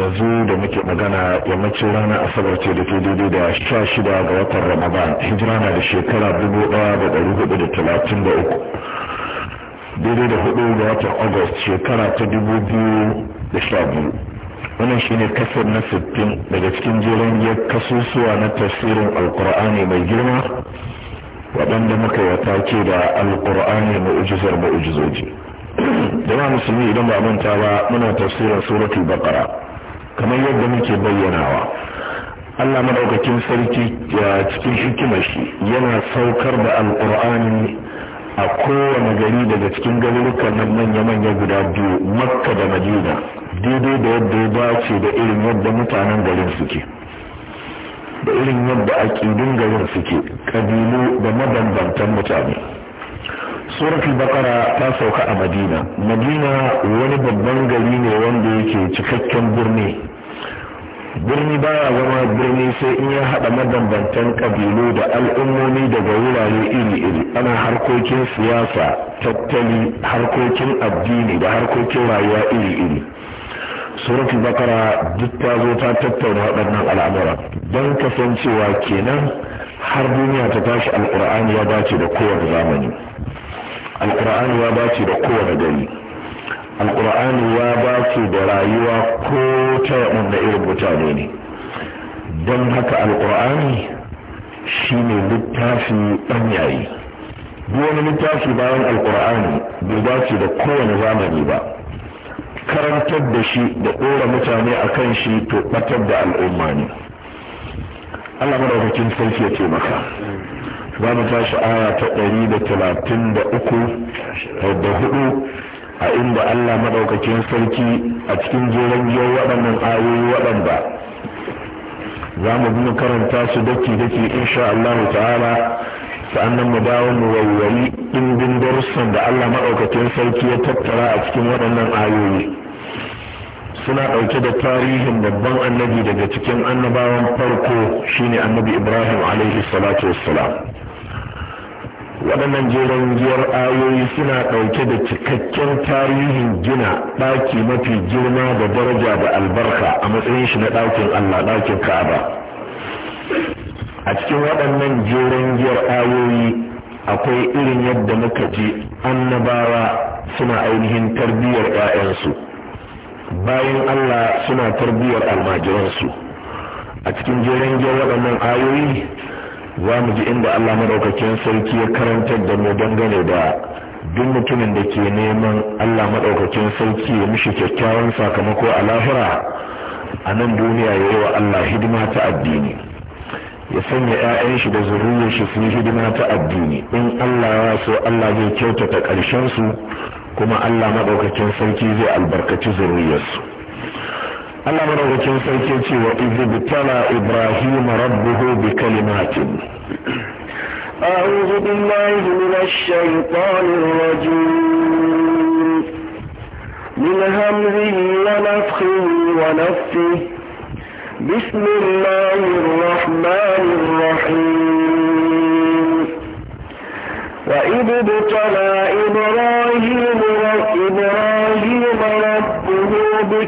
yanzu da muke magana yammacin ranar asabar ce da ke daidai da sha shida ga watan ramadan hijira na da shekara dubu daya da dari hudu da talatin da uku daidai da hudu ga watan agust shekara ta dubu biyu da sha biyu wannan shine kasar na sittin daga cikin jerin kasusuwa na tafsirin alkur'ani mai girma waɗanda muka yi take da alkur'ani mu'ujizar mu'ujizoji ba musulmi idan ba manta ba muna tafsirin suratul baqara kamar yadda muke bayyanawa Allah madaukakin sarki cikin hikimar shi yana saukar da alqur'ani a kowane gari daga cikin garurukan nan manya-manya guda biyu makka da madina daidai da yadda ya dace da irin yadda mutanen garin suke da irin yadda aƙidun garin suke ƙabilu da mabambantan mutane suratul bakara ta sauka a madina madina wani babban gari ne wanda yake cikakken birni birni baya zama birni sai in ya haɗa mabambantan ƙabilu da al'ummomi daga wurare iri-iri ana harkokin siyasa tattali harkokin addini da harkokin rayuwa iri-iri suratul bakara duk ta zo ta tattauna waɗannan al'amura don kasancewa kenan har duniya ta tashi alkur'ani ya dace da kowane zamani alkur'ani ya dace da kowane gari alkur'ani ya dace da rayuwa ko ta waɗanda irin mutane ne don haka alkur'ani shi ne littafi ɗanyayi wani littafi bayan alkur'ani bai dace da kowane zamani ba karantar da shi da ɗora mutane a kan shi to ɓatar da al'umma ne allah madaukakin sarki ya ce maka za mu tashi aya ta ɗari da talatin da uku da hudu a inda Allah maɗaukakin sarki a cikin jeren jiyar waɗannan ayoyi waɗanda za mu bi karanta su daki daki insha Allah ta'ala sa'annan mu dawo mu waiwayi ɗimbin darussan da Allah maɗaukakin sarki ya tattara a cikin waɗannan ayoyi suna ɗauke da tarihin babban annabi daga cikin annabawan farko shine annabi ibrahim alaihi salatu wassalam waɗannan jeren giyar ayoyi suna ɗauke da cikakken tarihin gina ɗaki mafi girma da daraja da albarka a matsayin shi na ɗakin allah ɗakin ka'aba a cikin waɗannan jeren giyar ayoyi akwai irin yadda muka ji annabawa suna ainihin tarbiyyar 'ya'yansu bayan allah suna tarbiyyar almajiransu a cikin jeren giyar waɗannan ayoyi za mu ji inda Allah madaukakin sarki ya karantar da mu dangane da duk mutumin da ke neman Allah madaukakin sarki ya mishi kyakkyawan sakamako a lahira a nan duniya ya yi wa Allah hidima ta addini ya sanya 'ya'yan shi da zuriyar shi su yi hidima ta addini in Allah ya so Allah zai kyautata ƙarshen su kuma Allah Maɗaukakin sarki zai albarkaci su. Allah madaukakin sarki ce wa izibtala Ibrahim rabbuhu bi أعوذ بالله من الشيطان الرجيم من همزه ونفخه ونفه بسم الله الرحمن الرحيم وإذ ابتلى إبراهيم ربه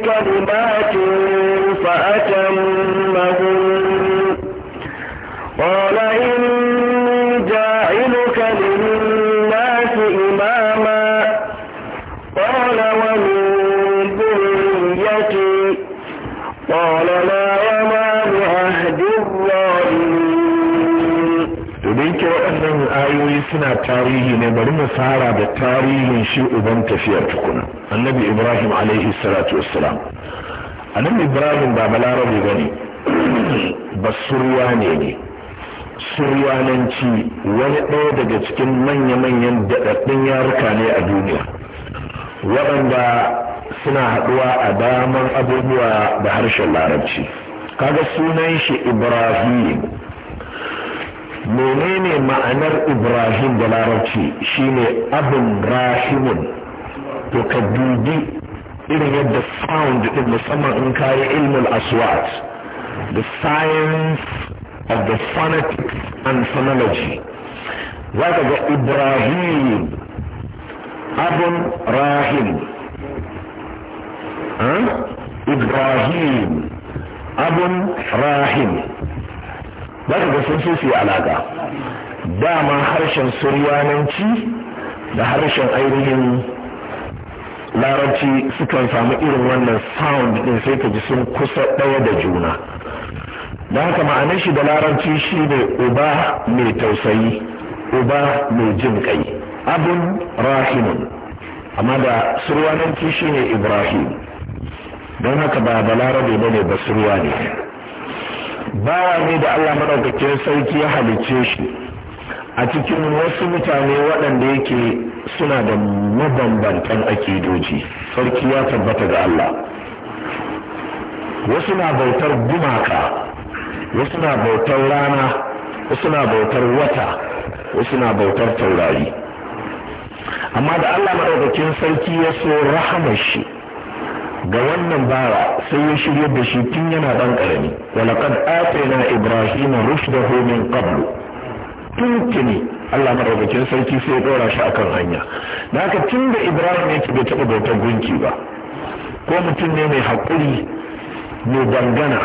بكلمات suna tarihi ne bari mu fara da tarihin shi uban tafiyar tukuna annabi ibrahim alaihi salatu wassalam annabi ibrahim ba balarabe bane ba surwa ne ne suryananci wani ɗaya daga cikin manya-manyan daɗaɗɗun yaruka ne a duniya waɗanda suna haɗuwa a daman abubuwa da harshen larabci kaga sunan shi ibrahim menene ma'anar ibrahim da larabci shine abin rahimun to ka dubi irin yadda sound din musamman in kayi ilmul aswat the science of the phonetics and phonology za ka ga ibrahim abin rahim ibrahim abin rahim za ka ga sun so alaka. alaƙa dama harshen suryananci da harshen ainihin larabci sukan samu irin wannan sound ɗin sai ka ji sun kusa ɗaya da juna da haka ma'anar shi da larabci shi ne uba mai tausayi uba mai jin kai abun rahimun amma da suryananci shi ne ibrahim don haka ba balarabe ba ne ba surya ne bawa ne da Allah maɗaukakin sarki ya halicce shi a cikin wasu mutane waɗanda yake suna da mabambantan akidoji sarki ya tabbata ga Allah wasu na bautar gumaka wasu na bautar rana wasu na bautar wata wasu na bautar taurari amma da Allah maɗaukakin sarki ya so rahamar shi ga wannan bara sai ya shirya da shi tun yana ɗan ƙarami walaƙad atina ibrahim rushdahu min qablu tuntuni Allah madaukakin sarki sai ya ɗora shi akan hanya da haka tun da ibrahim yake bai taɓa bautar gunki ba ko mutum ne mai haƙuri mai dangana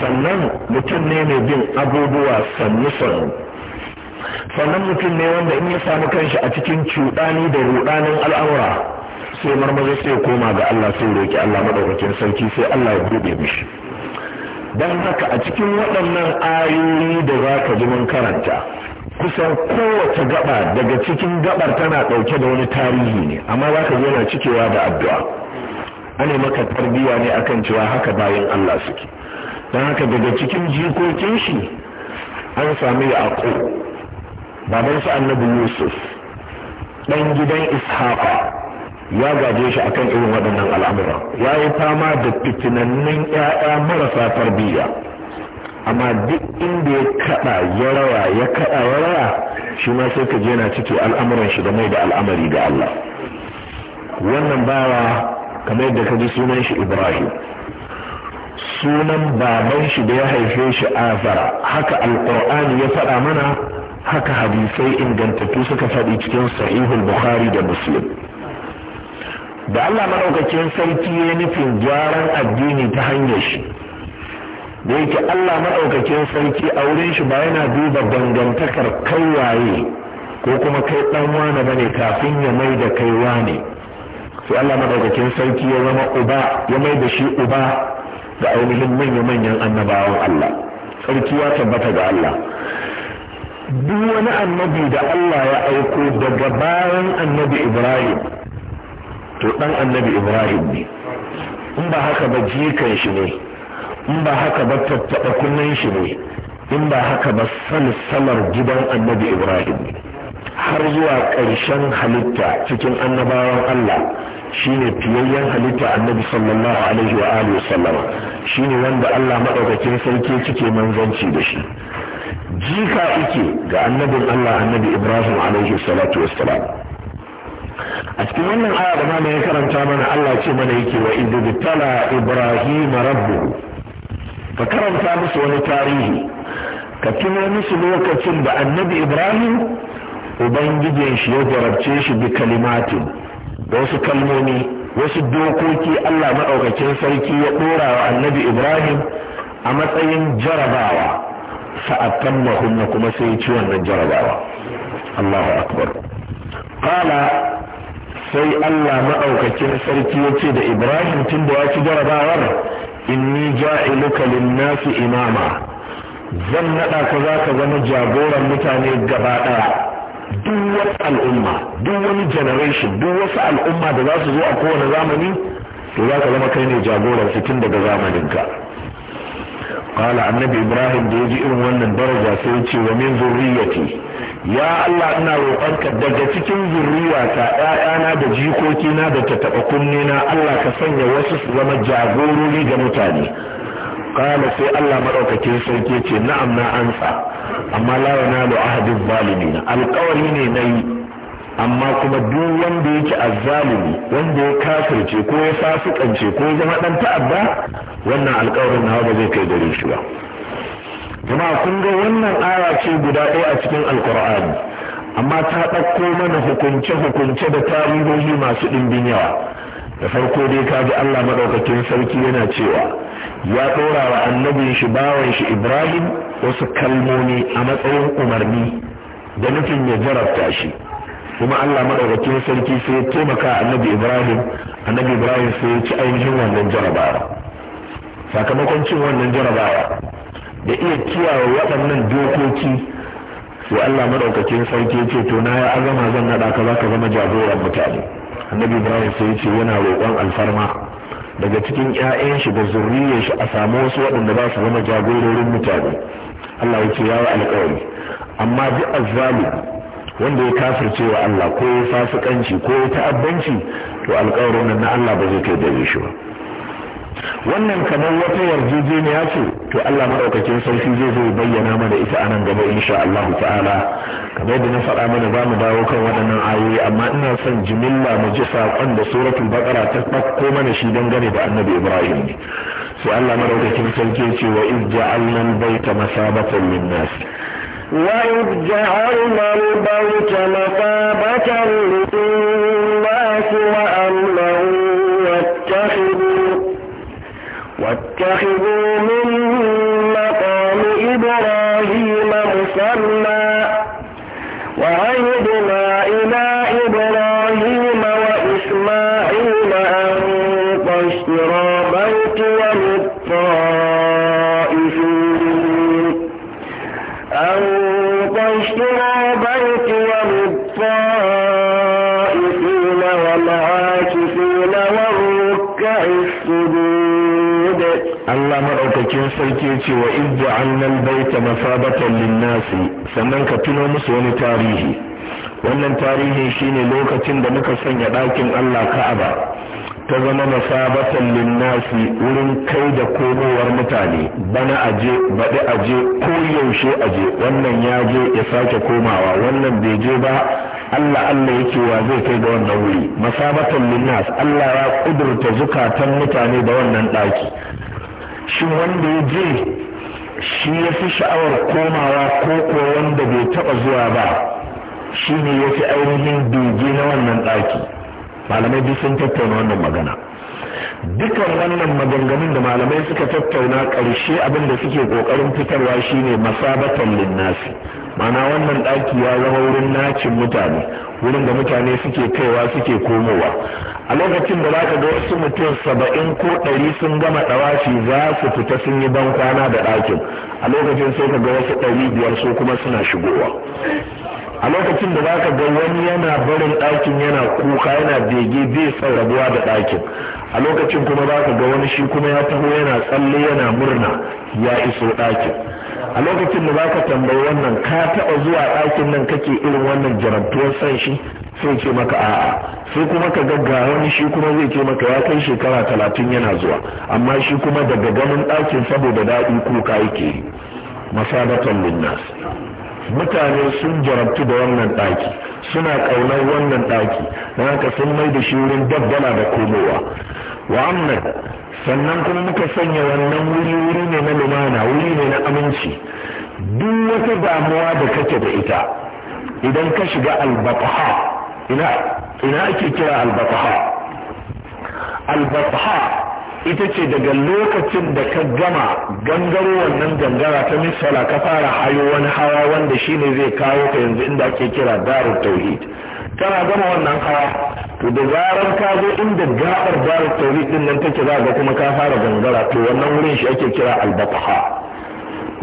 sannan mutum ne mai bin abubuwa sannu sannu sannan mutum ne wanda in ya samu kanshi a cikin cuɗani da ruɗanin al'amura sai marmaza sai ya koma ga Allah sai roki Allah madaukakin sarki sai Allah ya bude mishi Dan haka a cikin waɗannan ayoyi da za ka ji mun karanta kusan kowace gaba daga cikin gabar tana ɗauke da wani tarihi ne amma za ka yana cikewa da addu'a ana maka tarbiyya ne akan cewa haka bayan Allah suke dan haka daga cikin jikokin shi an sami ya ako babansa annabi yusuf ɗan gidan ishaqa ya gaje shi akan irin waɗannan al'amura ya yi fama da fitinannun 'ya'ya marasa tarbiyya amma duk inda ya kaɗa ya rawa ya kaɗa ya rawa shi ma sai ka je na ciki al'amuran shi da mai da al'amari ga Allah wannan bawa kamar yadda ka ji sunan shi Ibrahim sunan baban shi da ya haife shi azara haka alqur'ani ya faɗa mana haka hadisai ingantattu suka faɗi cikin sahihul bukhari da muslim da Allah maɗaukakin sarki ya nufin gyaran addini ta hanyar shi da yake Allah maɗaukakin sarki a wurin shi ba yana duba dangantakar kai waye ko kuma kai ɗan wane bane kafin ya mai da kai wane sai Allah maɗaukakin sarki ya zama uba ya mai da shi uba ga ainihin manya-manyan annabawan Allah sarki ya tabbata ga Allah duk wani annabi da Allah ya aiko daga bayan annabi Ibrahim to dan annabi ibrahim ne in ba haka ba jikan shi ne in ba haka ba tattaɓa kunnen shi ne in ba haka ba salsalar gidan annabi ibrahim ne har zuwa ƙarshen halitta cikin annabawan allah shine fiyayyen halitta annabi sallallahu alaihi wa alihi wa shine wanda allah maɗaukakin sarki cike manzanci da shi jika ike ga annabin allah annabi ibrahim alaihi salatu wassalam a cikin wannan aya da malam ya karanta mana Allah ce mana yake wa idh tala ibrahim rabbu ka karanta musu wani tarihi ka tuno musu lokacin da annabi ibrahim ubangijin shi ya jarabce shi bi kalimatin wasu kalmomi wasu dokoki Allah maɗaukakin sarki ya ɗora wa annabi ibrahim a matsayin jarabawa sa'atan mahunna kuma sai ci wannan jarabawa Allahu akbar qala sai Allah ma'aukacin sarki ya ce da Ibrahim tun da ya ci jarabawar inni ja'iluka linnasi imama zan naɗa ka za ka zama jagoran mutane gaba ɗaya duk wata al'umma duk wani generation duk wasu al'umma da za su zo a kowane zamani to za ka zama kai ne jagoran su tun daga zamaninka قال النبي إبراهيم بيجي إن ولن درجة سيوتي ومن ذريتي ya Allah ina roƙonka daga cikin zuriyata ‘ya'yana da jikokina da tattaɓa na Allah ka sanya wasu su zama jagorori ga mutane kala sai Allah maɗaukakin sarki ce na'am na ansa amma la yanalu ahadin zalimina alƙawari ne na yi amma kuma duk wanda yake azzalimi wanda ya kafirce ko ya fasikance ko ya zama dan ta'adda wannan alƙawarin nawa ba zai kai gare shi ba jama'a kun ga wannan aya ce guda ɗaya a cikin alkur'ani amma ta ɗauko mana hukunce-hukunce da tarihohi masu ɗimbin yawa da farko dai ka ji Allah maɗaukakin sarki yana cewa ya ɗora wa annabin shi bawan shi Ibrahim wasu kalmomi a matsayin umarni da nufin ya jarabta shi kuma Allah madaukakin sarki sai ya taimaka annabi Ibrahim annabi Ibrahim sai ya ci ainihin wannan jarabawa sakamakon cin wannan jarabawa da iya kiyaye waɗannan dokoki sai Allah madaukakin sarki ya ce to na ya azama zan naɗa ka zaka zama jagoran mutane annabi Ibrahim sai ya ce yana roƙon alfarma daga cikin 'ya'yan shi da zurriyar shi a samu wasu waɗanda ba su zama jagororin mutane Allah ya ce yawa alƙawari amma bi azzalim wanda ya kafirce wa Allah ko ya fasikanci ko ya ta'abbanci to alƙawarin nan na Allah ba zai kai da shi ba wannan kamar wata yarjejeniya ce to Allah maɗaukakin sarki zai zo bayyana mana ita a nan gaba insha Allah ta'ala kamar yadda na faɗa mana ba mu dawo kan waɗannan ayoyi amma ina son jimilla mu ji saƙon da suratul baqara ta ɗauko mana shi dangane da annabi Ibrahim sai Allah maɗaukakin sarki ya ce wa iz ja'alna al-baita masabatan lin-nas وإذ جعلنا البيت مثابة للناس وأمنا واتخذوا واتخذوا من madaukakin sarki ya ce wa izza annal baita masabatan linnasi sannan ka tuno musu wani tarihi wannan tarihi shine lokacin da muka sanya ɗakin Allah Ka'aba ta zama masabatan linnasi wurin kai da komowar mutane bana aje baɗi aje ko yaushe aje wannan ya je ya sake komawa wannan bai je ba Allah Allah yake wa zai kai da wannan wuri masabatan linnas Allah ya kudurta zukatan mutane da wannan ɗaki shi wanda ya je shi ya fi sha'awar komawa ko ko wanda bai taɓa zuwa ba shi ne ya fi ainihin doge na wannan ɗaki malamai duk sun tattauna wannan magana dukan wannan maganganun da malamai suka tattauna ƙarshe abin da suke ƙoƙarin fitarwa shine masabatan linnasi ma'ana wannan ɗaki ya zama wurin nacin mutane wurin da mutane suke kaiwa suke komowa a lokacin da zaka ga wasu mutum saba'in ko ɗari sun gama ɗawafi za su fita sun yi ban kwana da ɗakin a lokacin sai ka ga wasu ɗari biyar su kuma suna shigowa a lokacin da zaka ga wani yana barin ɗakin yana kuka yana bege bai son rabuwa da ɗakin a lokacin kuma zaka ga wani shi kuma ya taho yana tsalle yana murna ya iso ɗakin a lokacin da zaka tambayi wannan ka taɓa zuwa ɗakin nan kake irin wannan jarabtuwar san shi sai ce maka a'a sai kuma ka gaggawa wani shi kuma zai ce maka ya kai shekara talatin yana zuwa amma shi kuma daga ganin ɗakin saboda daɗi kuka yake masabatan linnas mutane sun jarabtu da wannan ɗaki suna ƙaunar wannan ɗaki don haka sun mai da shi wurin dabbala da komowa wa sannan kuma muka sanya wannan wuri wuri ne na lumana wuri ne na aminci duk wata damuwa da kake da ita idan ka shiga albataha ina ake kira albataha albataha ita ce daga lokacin da ka gama gangaro wannan gangara ta misala ka fara hayo wani hawa wanda shine zai kawo ka yanzu inda ake kira darut tauhid kana gama wannan hawa to da zarar ka zo inda gabar darar tauri din nan take za ga kuma ka fara gangara to wannan wurin shi ake kira albatha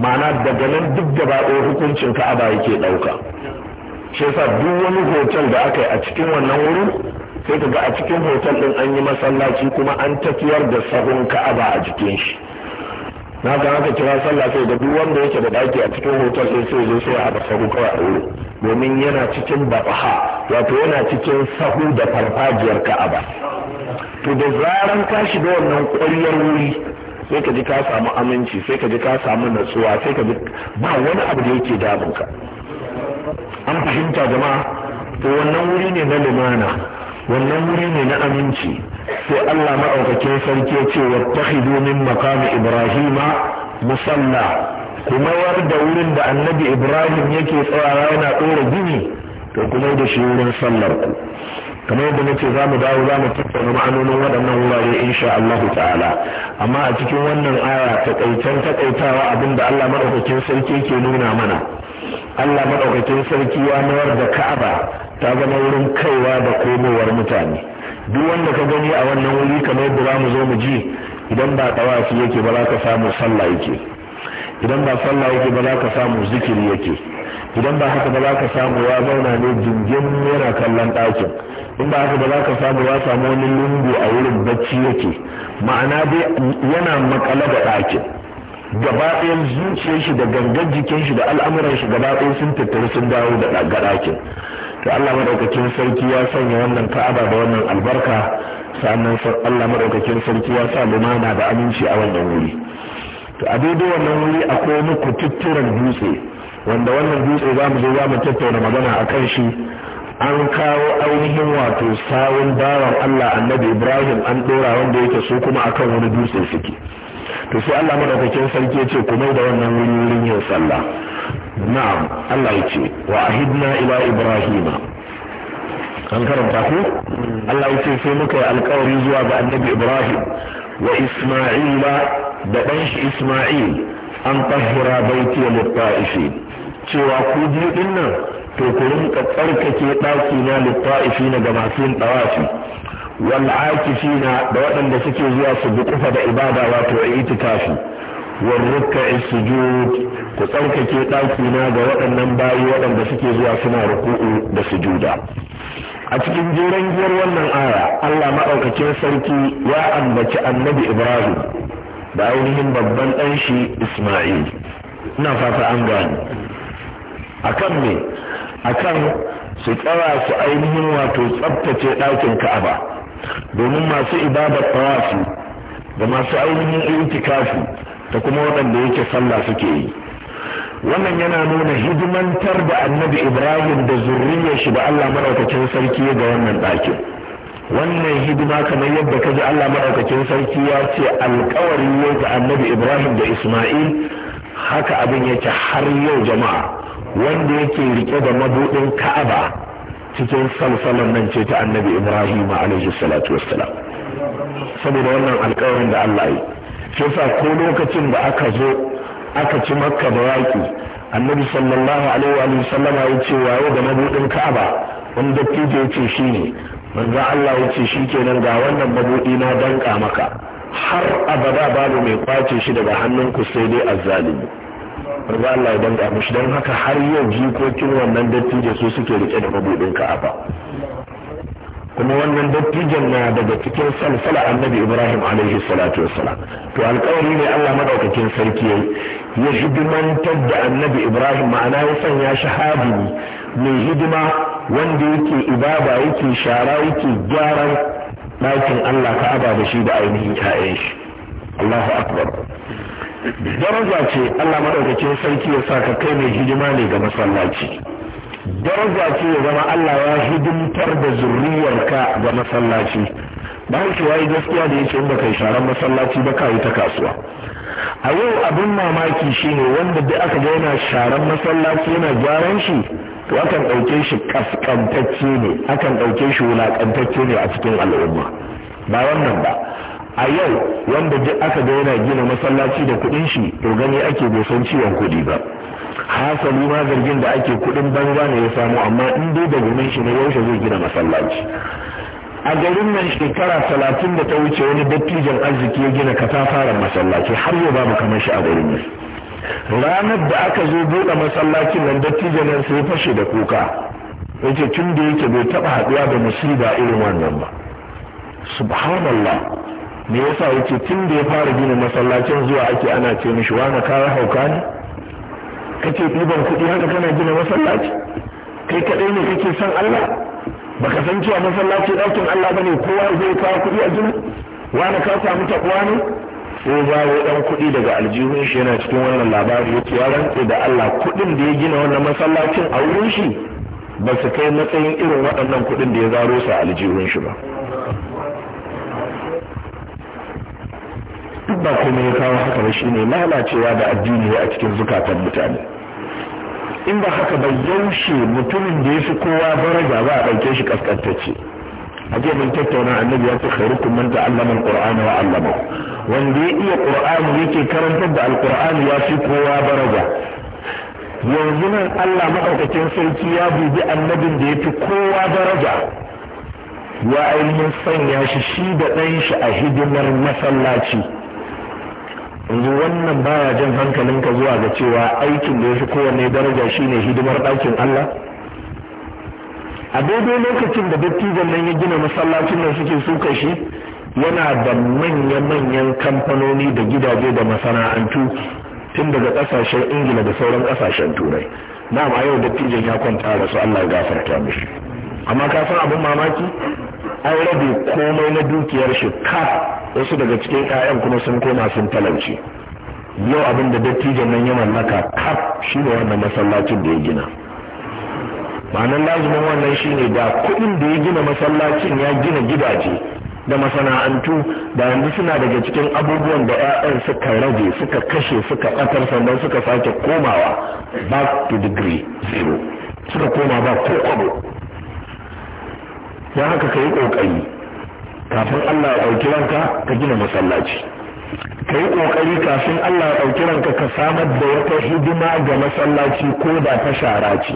ma'ana daga nan duk gaba ɗaya hukuncin ka'aba yake ɗauka shi yasa duk wani hotel da aka yi a cikin wannan wurin sai ka ga a cikin hotel din an yi masallaci kuma an tafiyar da sabon ka'aba a jikin shi na ga haka kira sallah sai da duk wanda yake da daki a cikin hotel din sai zo sai a haɗa sabon kawai a wurin domin yana cikin batsaha wato yana cikin sahu da farfajiyar ka'aba to da zaran ka shiga wannan ƙwaryar wuri sai ka ji ka samu aminci sai ka ji ka samu natsuwa sai ka ji ba wani abu da yake damunka an fahimta jama'a to wannan wuri ne na lumana wannan wuri ne na aminci sai Allah maɗaukakin sarki ya ce wa min maqami ibrahima musalla ku mayar da wurin da annabi ibrahim yake tsawara yana ɗora gini to kuma da shi wurin sallar ku kamar yadda nace za mu dawo za mu tattauna ma'anonin waɗannan wurare insha Allah ta'ala amma a cikin wannan aya takaitan takaitawa da Allah maɗaukakin sarki ke nuna mana Allah maɗaukakin sarki ya mayar da Ka'aba ta zama wurin kaiwa da komowar mutane duk wanda ka gani a wannan wuri kamar yadda za mu zo mu ji idan ba tawafi yake ba za ka samu sallah yake idan ba sallah yake ba za ka samu zikiri yake idan ba haka ba za ka samu ya zauna ne jingin yana kallon ɗakin in ba haka ba za ka samu ya samu wani lungu a wurin bacci yake ma'ana dai yana makale da ɗakin gaba ɗayan zuciyar shi da gangan jikin shi da al'amuran shi gaba ɗaya sun tattaru sun dawo da ga ɗakin to Allah madaukakin sarki ya sanya wannan ka'aba da wannan albarka sannan Allah madaukakin sarki ya sa lumana da aminci a wannan wuri to a daidai wannan wuri akwai muku tutturan dutse wanda wannan dutse za mu zo za mu tattauna magana a kan shi an kawo ainihin wato sawun bawan Allah annabi Ibrahim an dora wanda yake so kuma akan wani dutse suke to sai Allah madaukakin sarki ya ce ku mai da wannan wuri wurin yin sallah na'am Allah ya ce wa ahidna ila ibrahima an karanta ku hmm. Allah ya ce sai muka yi alƙawari zuwa ga annabi Ibrahim wa isma'ila da ɗan shi isma'il an tahira baiti wa litta'ifi cewa ku biyu nan to ku rinka tsarkake ɗaki na litta'ifi na ga masu yin ɗawafi wal akifina da waɗanda suke zuwa su bi kufa da ibada wato itikafi wal rukka'i sujud ku tsarkake ɗaki na ga waɗannan bayi waɗanda suke zuwa suna ruku'u da sujuda a cikin jiran giyar wannan aya Allah maɗaukakin sarki ya ambaci annabi Ibrahim da ainihin babban ɗan shi Ismail ina fata an gani ne me kan su tsara su ainihin wato tsabtace ɗakin Ka'aba domin masu ibadar tawafi da masu ainihin itikafi da kuma waɗanda yake sallah suke yi wannan yana nuna hidimantar da annabi ibrahim da zurriyar shi da allah maɗaukacin sarki ga wannan ɗakin wannan hidima kamar yadda kaji allah maɗaukacin sarki ya ce alkawari yau ga annabi ibrahim da isma'il haka abin yake har yau jama'a wanda yake rike da mabuɗin ka'aba cikin salsalan nan ce ta annabi ibrahim alaihi salatu wassalam saboda wannan alkawarin da allah yi shi ko lokacin da aka zo aka ci makka da yaƙi annabi sallallahu alaihi wa sallama ya ce waye da mabudin ka'aba wani dattijo ya ce shi ne manzo Allah ya ce shi kenan ga wannan mabuɗi na danƙa maka har abada babu mai kwace shi daga hannun ku sai dai azzalimi manzo Allah ya danka mushi don haka har yau jikokin wannan dattijo su suke rike da mabudin ka'aba kuma wannan dattijan na daga cikin salsala annabi ibrahim alaihi salatu wassalam to alƙawari ne allah madaukakin sarki yayi ya hidimantar da annabi ibrahim ma'ana ya sanya shi mai hidima wanda yake ibada yake shara yake gyaran ɗakin allah ka'aba da shi da ainihin 'ya'yan shi allahu akbar daraja ce allah maɗaukacin sarki ya sa ka kai mai hidima ne ga masallaci daraja ce ya zama allah ya hidimtar da zurriyarka ga masallaci ba shi wayi gaskiya da yake in baka yi sharan masallaci ba ka yi ta kasuwa a yau abin mamaki shine wanda duk aka ga yana sharan masallaci yana gyaran shi to akan ɗauke shi kaskantacce ne akan ɗauke shi wulaƙantacce ne a cikin al'umma ba wannan ba a yau wanda duk aka ga yana gina masallaci da kuɗin shi to gani ake bai san ciwon kuɗi ba hasali ma zargin da ake kuɗin banza ne ya samu amma in dai da gumin shi ne yaushe zai gina masallaci a garin nan shekara talatin da ta wuce wani dattijan arziki ya gina katafaren masallaci har yau babu kamar shi a garin nan ranar da aka zo buɗe masallacin nan dattijan nan sai fashe da kuka yace tun da yake bai taba haɗuwa da musiba irin wannan ba subhanallah me yasa yace tun da ya fara gina masallacin zuwa ake ana ce mishi wani kayan hauka ne kace ɗiban kuɗi haka kana gina masallaci kai kaɗai ne kake son Allah baka san cewa masallaci ɗaukin Allah ne kowa zai kawo kuɗi a jini wani ka samu takwa ne ba wai ɗan kuɗi daga aljihun shi yana cikin wannan labari ya ce ya rantse da Allah kuɗin da ya gina wannan masallacin a wurin shi ba su kai matsayin irin waɗannan kuɗin da ya zaro su a aljihun shi ba duk ba kuma ya kawo haka ba shi ne lalacewa da addini a cikin zukatan mutane in ba haka bai yaushe mutumin da ya fi kowa daraja ba a ɗauke shi kaskantacce a jiya mun tattauna annabi ya ce khairukum man ta'allama al-qur'ana wa wanda ya iya qur'ani yake karantar da al ya fi kowa daraja yanzu nan Allah madaukakin sarki ya dubi annabin da ya fi kowa daraja ya ainihin sanya shi shi da ɗan shi a hidimar masallaci yanzu wannan baya jan hankalinka zuwa ga cewa aikin da ya fi kowanne daraja shine hidimar ɗakin Allah a daidai lokacin da dattijan nan ya gina masallacin nan suke suka shi yana da manya-manyan kamfanoni da gidaje da masana'antu tun daga ƙasashen ingila da sauran ƙasashen turai na ma yau dattijan ya kwanta da su Allah ya gafarta mishi amma ka san abin mamaki an rabe komai na dukiyar shi kaf wasu daga cikin 'ya'yan kuma sun koma sun talauce yau abin da dattijan nan ya mallaka kaf shi ne wannan masallacin da ya gina ma'anar lazumin wannan shi ne da kuɗin da ya gina masallacin ya gina gidaje da masana'antu da yanzu suna daga cikin abubuwan da 'ya'yan suka rage suka kashe suka ɓatar sannan suka sake komawa back to degree zero suka koma ba ko kwabo don haka ka yi ƙoƙari kafin Allah ya ɗauki ranka ka gina masallaci ka yi ƙoƙari kafin Allah ya ɗauki ranka ka samar da wata hidima ga masallaci ko da ta shara ce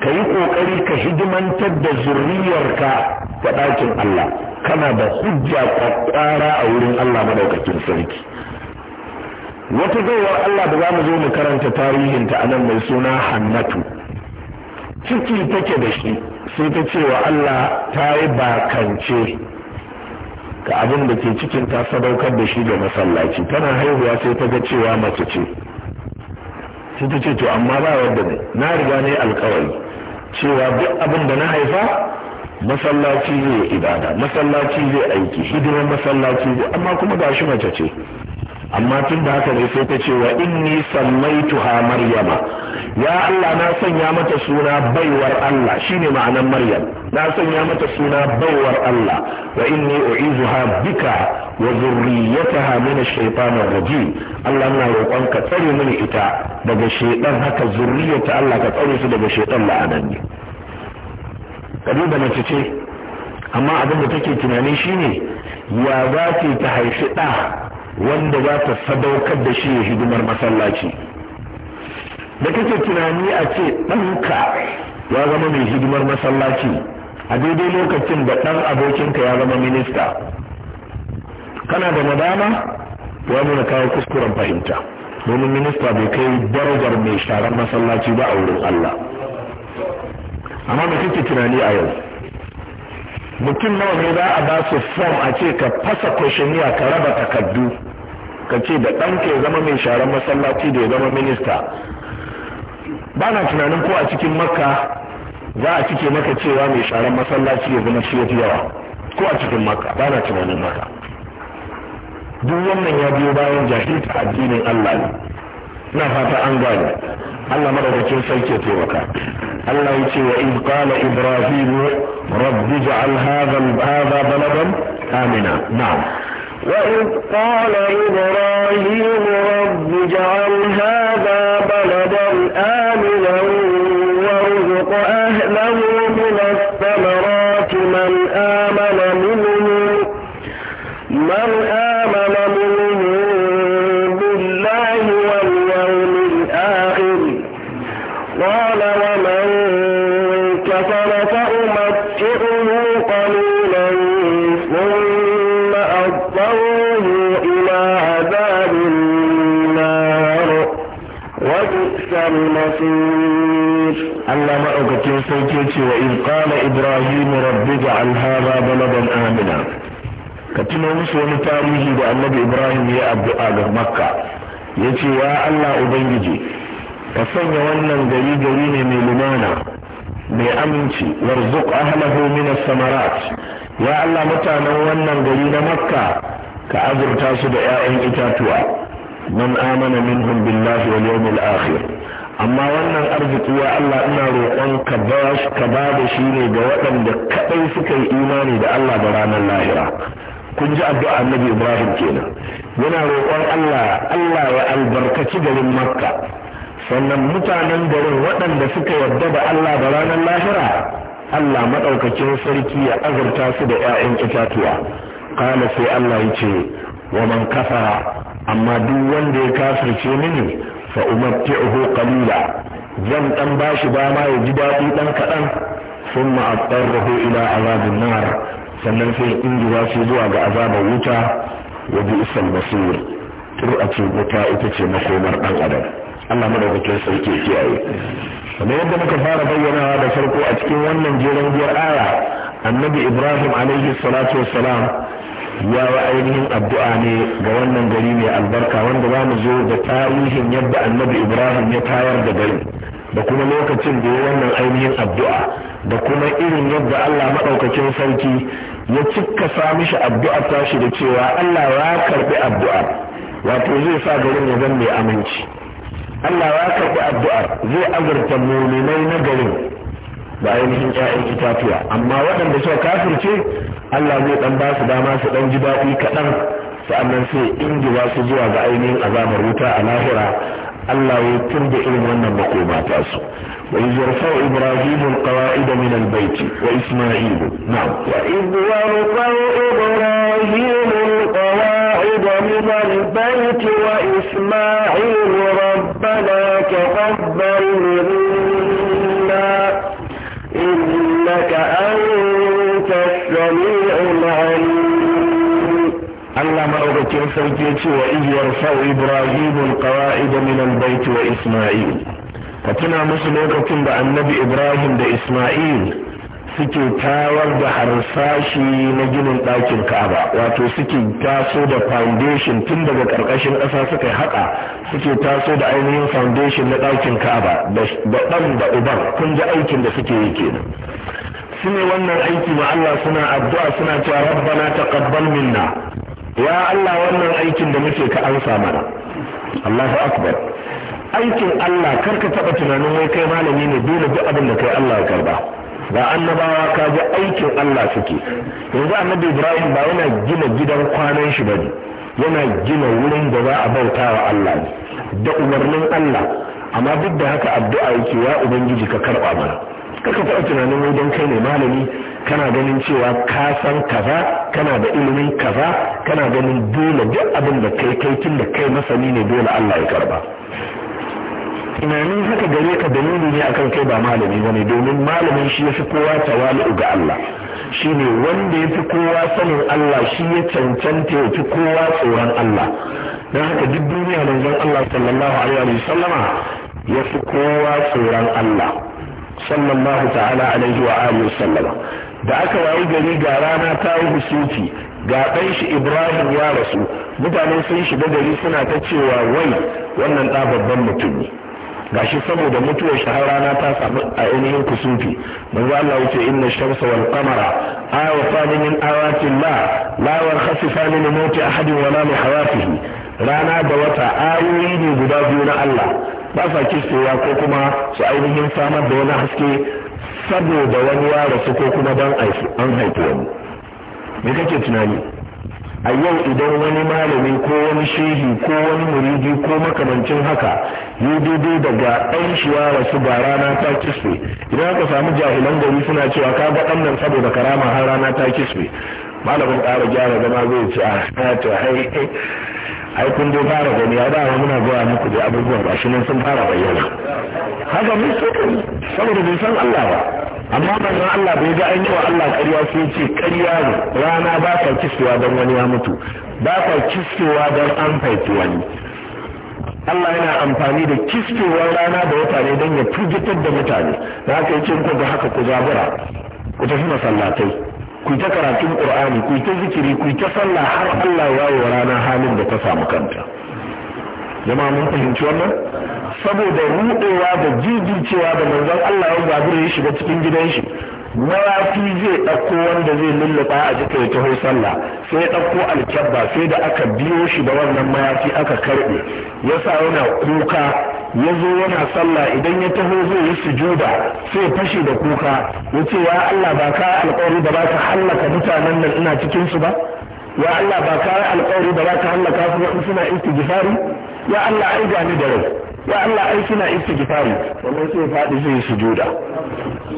ka yi ƙoƙari ka hidimantar da zuriyarka ga ɗakin Allah kana da hujja kwakwara a wurin Allah madaukakin sarki wata gaiwar Allah da za mu zo mu karanta tarihinta a nan mai suna Hannatu ciki take da shi sai ta ce wa Allah ta yi bakance ga abin da ke cikin ta sadaukar da shi ga masallaci tana haihuwa sai ta ga cewa mace ce sai ta ce to amma ba wadda ne na riga ne alkawari cewa duk abin da na haifa masallaci zai ibada masallaci zai aiki hidimar masallaci zai amma kuma ga shi mace ce amma tun da haka ne sai ta ce wa inni ha maryama ya Allah na sanya mata suna baiwar Allah shine ma'anar maryam na sanya mata suna baiwar Allah wa inni u'izuha bika wa zurriyataha min ash-shaytanir rajim Allah ina roƙon ka tsare mini ita daga shaytan haka zurriyata Allah ka tsare su daga shaytan la'ananni kabi da mace ce amma abin da take tunani shine ya za ta haifi ɗa wanda za ta sadaukar da shi ya hidimar masallaci da kake tunani a ce ɗanka ya zama mai hidimar masallaci a daidai lokacin da ɗan abokinka ya zama minista kana da nadama ya nuna kawo kuskuren fahimta domin minista bai kai darajar mai sharar masallaci ba a wurin Allah amma mai kake tunani a yau mutum nawa ne za a ba su fom a ce ka fasa kwashiniya ka raba takardu ka ce da ɗanka ya zama mai sharar masallaci da ya zama minista ba na tunanin ko a cikin makka za a cike maka cewa mai sharan masallaci ya zama shi yafi yawa ko a cikin maka ba na tunanin maka duk wannan ya biyo bayan jahilta addinin Allah ne ina fata an gane Allah madaukakin sarki ya taimaka Allah ya ce wa in qala ibrahim rabbi ja'al hadha hadha baladan amina na'am wa in qala ibrahim rabbi ja'al hadha sarki ce wa in qala ibrahim rabbi ga hadha baladan amina ka tuna musu wani tarihi da annabi ibrahim ya addu'a ga makka yace wa allah ubangiji ka sanya wannan gari gari ne mai lumana mai aminci warzuk ahlahu min samarat ya allah mutanen wannan gari na makka ka azurta su da 'ya'yan itatuwa man amana minhum billahi wal yawmil akhir amma wannan arziki ya Allah ina roƙon ka ba ka ba da shi ne ga waɗanda kaɗai suka yi imani da Allah da ranar lahira kun ji addu'a Annabi Ibrahim kenan yana roƙon Allah Allah ya albarkaci garin Makka sannan mutanen garin waɗanda suka yarda da Allah da ranar lahira Allah maɗaukacin sarki ya azurta su da 'ya'yan itatuwa kala sai Allah ya ce wa man kafara amma duk wanda ya kafirce mini fa umatti'uhu qalila zan dan bashi dama ya ji daɗi dan kaɗan thumma attarruhu ila azabin nar sannan sai in ji shi zuwa ga azabar wuta wa bi'sal masir tur'atu wuta ita ce makomar dan adam Allah madaukakin sarki kiyaye kamar yadda muka fara bayyanawa da farko a cikin wannan jerin biyar aya annabi ibrahim alaihi salatu wassalam wa ainihin addu'a ne ga wannan gari mai albarka wanda za mu zo da tarihin yadda annabi ibrahim ya tayar da gari da kuma lokacin da ya wannan ainihin addu'a da kuma irin yadda allah maɗaukakin sarki ya cika sa mishi addu'a tashi da cewa allah ya karɓi addu'a wato zai sa garin ya zama mai aminci allah ya karɓi addu'ar zai azurta muminai na garin da ainihin yayan itatuwa amma waɗanda suka kafirce Allah zai dan ba su dama su dan ji daɗi kaɗan sa'annan sai ingiza su zuwa ga ainihin azabar wuta a lahira Allah ya turda irin wannan makoma ta su وإذ يرفع إبراهيم القواعد من البيت وإسماعيل نعم وإذ يرفع إبراهيم القواعد من البيت وإسماعيل ربنا madaukakin sarki cewa wa ijiyar fa'u ibrahim alqawaid min albayt wa isma'il ka tuna musu lokacin da annabi ibrahim da isma'il suke tawar da harsashi na ginin ɗakin ka'aba wato suke taso da foundation tun daga ƙarƙashin ƙasa suka haƙa suke taso da ainihin foundation na ɗakin ka'aba da ɗan da uban kun ji aikin da suke yi kenan su ne wannan aiki ma Allah suna addu'a suna cewa rabbana taqabbal minna ya Allah wannan aikin da muke ka ansa mana Allahu akbar aikin Allah kar ka taɓa tunanin wai kai malami ne dole duk abin da kai Allah ya karba ga annabawa ka ji aikin Allah suke yanzu annabi Ibrahim ba yana gina gidan kwanan shi bane yana gina wurin da za a bauta wa Allah ne da umarnin Allah amma duk da haka addu'a yake ya ubangiji ka karba mana kar ka taɓa tunanin wai dan kai ne malami kana ganin cewa ka san kaza kana da ilimin kaza kana ganin dole duk abin da kai kai tun da kai masani ne dole Allah ya karba tunanin haka gare ka dalili ne akan kai ba malami bane domin malamin shi ya fi kowa tawali'u ga Allah ne wanda ya fi kowa sanin Allah shi ya cancanta fi kowa tsoron Allah don haka duk duniya manzon Allah sallallahu alaihi wa sallama fi kowa tsoron Allah sallallahu ta'ala alaihi wa alihi wa sallama da aka wayi gari ga rana ta yi husuki ga ɗan shi ibrahim ya rasu mutane sun shiga gari suna ta cewa wai wannan ɗa babban mutum ne gashi saboda mutuwar shi har rana ta samu a ainihin kusufi manzo Allah yace inna shamsa wal qamara ayatan min ayati Allah la yarkhasifani min mawti ahadin wa la li hayatihi rana da wata ayoyi ne guda biyu na Allah ba sa ya ko kuma su ainihin samar da wani haske saboda wani ya rasu ko kuma dan an haifi wani me kake tunani a yau idan wani malami ko wani shehi ko wani muridi ko makamancin haka yi daidai daga ɗan shi ya rasu ga rana ta kiswe idan aka samu jahilan gari suna cewa ka ga ɗan nan saboda karama har rana ta kiswe malamin ƙara gyara zama zai ce a to ai kun dai fara gani ya dawo muna zuwa muku da abubuwan ba shi nan sun fara bayyana haka mun so saboda bai san Allah ba amma manzon Allah bai ga an wa Allah ƙarya sai ce ƙarya ne rana ba ka kiskewa don wani ya mutu ba ka kiskewa don an faiti wani Allah yana amfani da kiskewar rana da wata ne don ya firgitar da mutane da ka yake ku ga haka ku zabura ku tafi masallatai ku ta karatun ƙur'ani ku ta zikiri ku ta sallah har Allah ya yi ranar halin da ta samu kanta jama'a mun fahimci wannan saboda ruɗewa da jijircewa da manzon Allah ya zabura ya shiga cikin gidan shi mawafi zai ɗauko wanda zai lulluɓa a jika ya taho sallah sai ya ɗauko alkyabba sai da aka biyo shi da wannan mayafi aka karɓe ya sa yana kuka ya zo yana sallah idan ya taho zai yi sujuda sai fashe da kuka ya ce ya Allah ba ka alƙawari da ba ka hallaka mutanen nan ina cikin su ba ya Allah ba ka alƙawari da ba ka hallaka su suna istighfari ya Allah ai ga ni da rai ya Allah ai suna istighfari wannan sai faɗi zai yi sujuda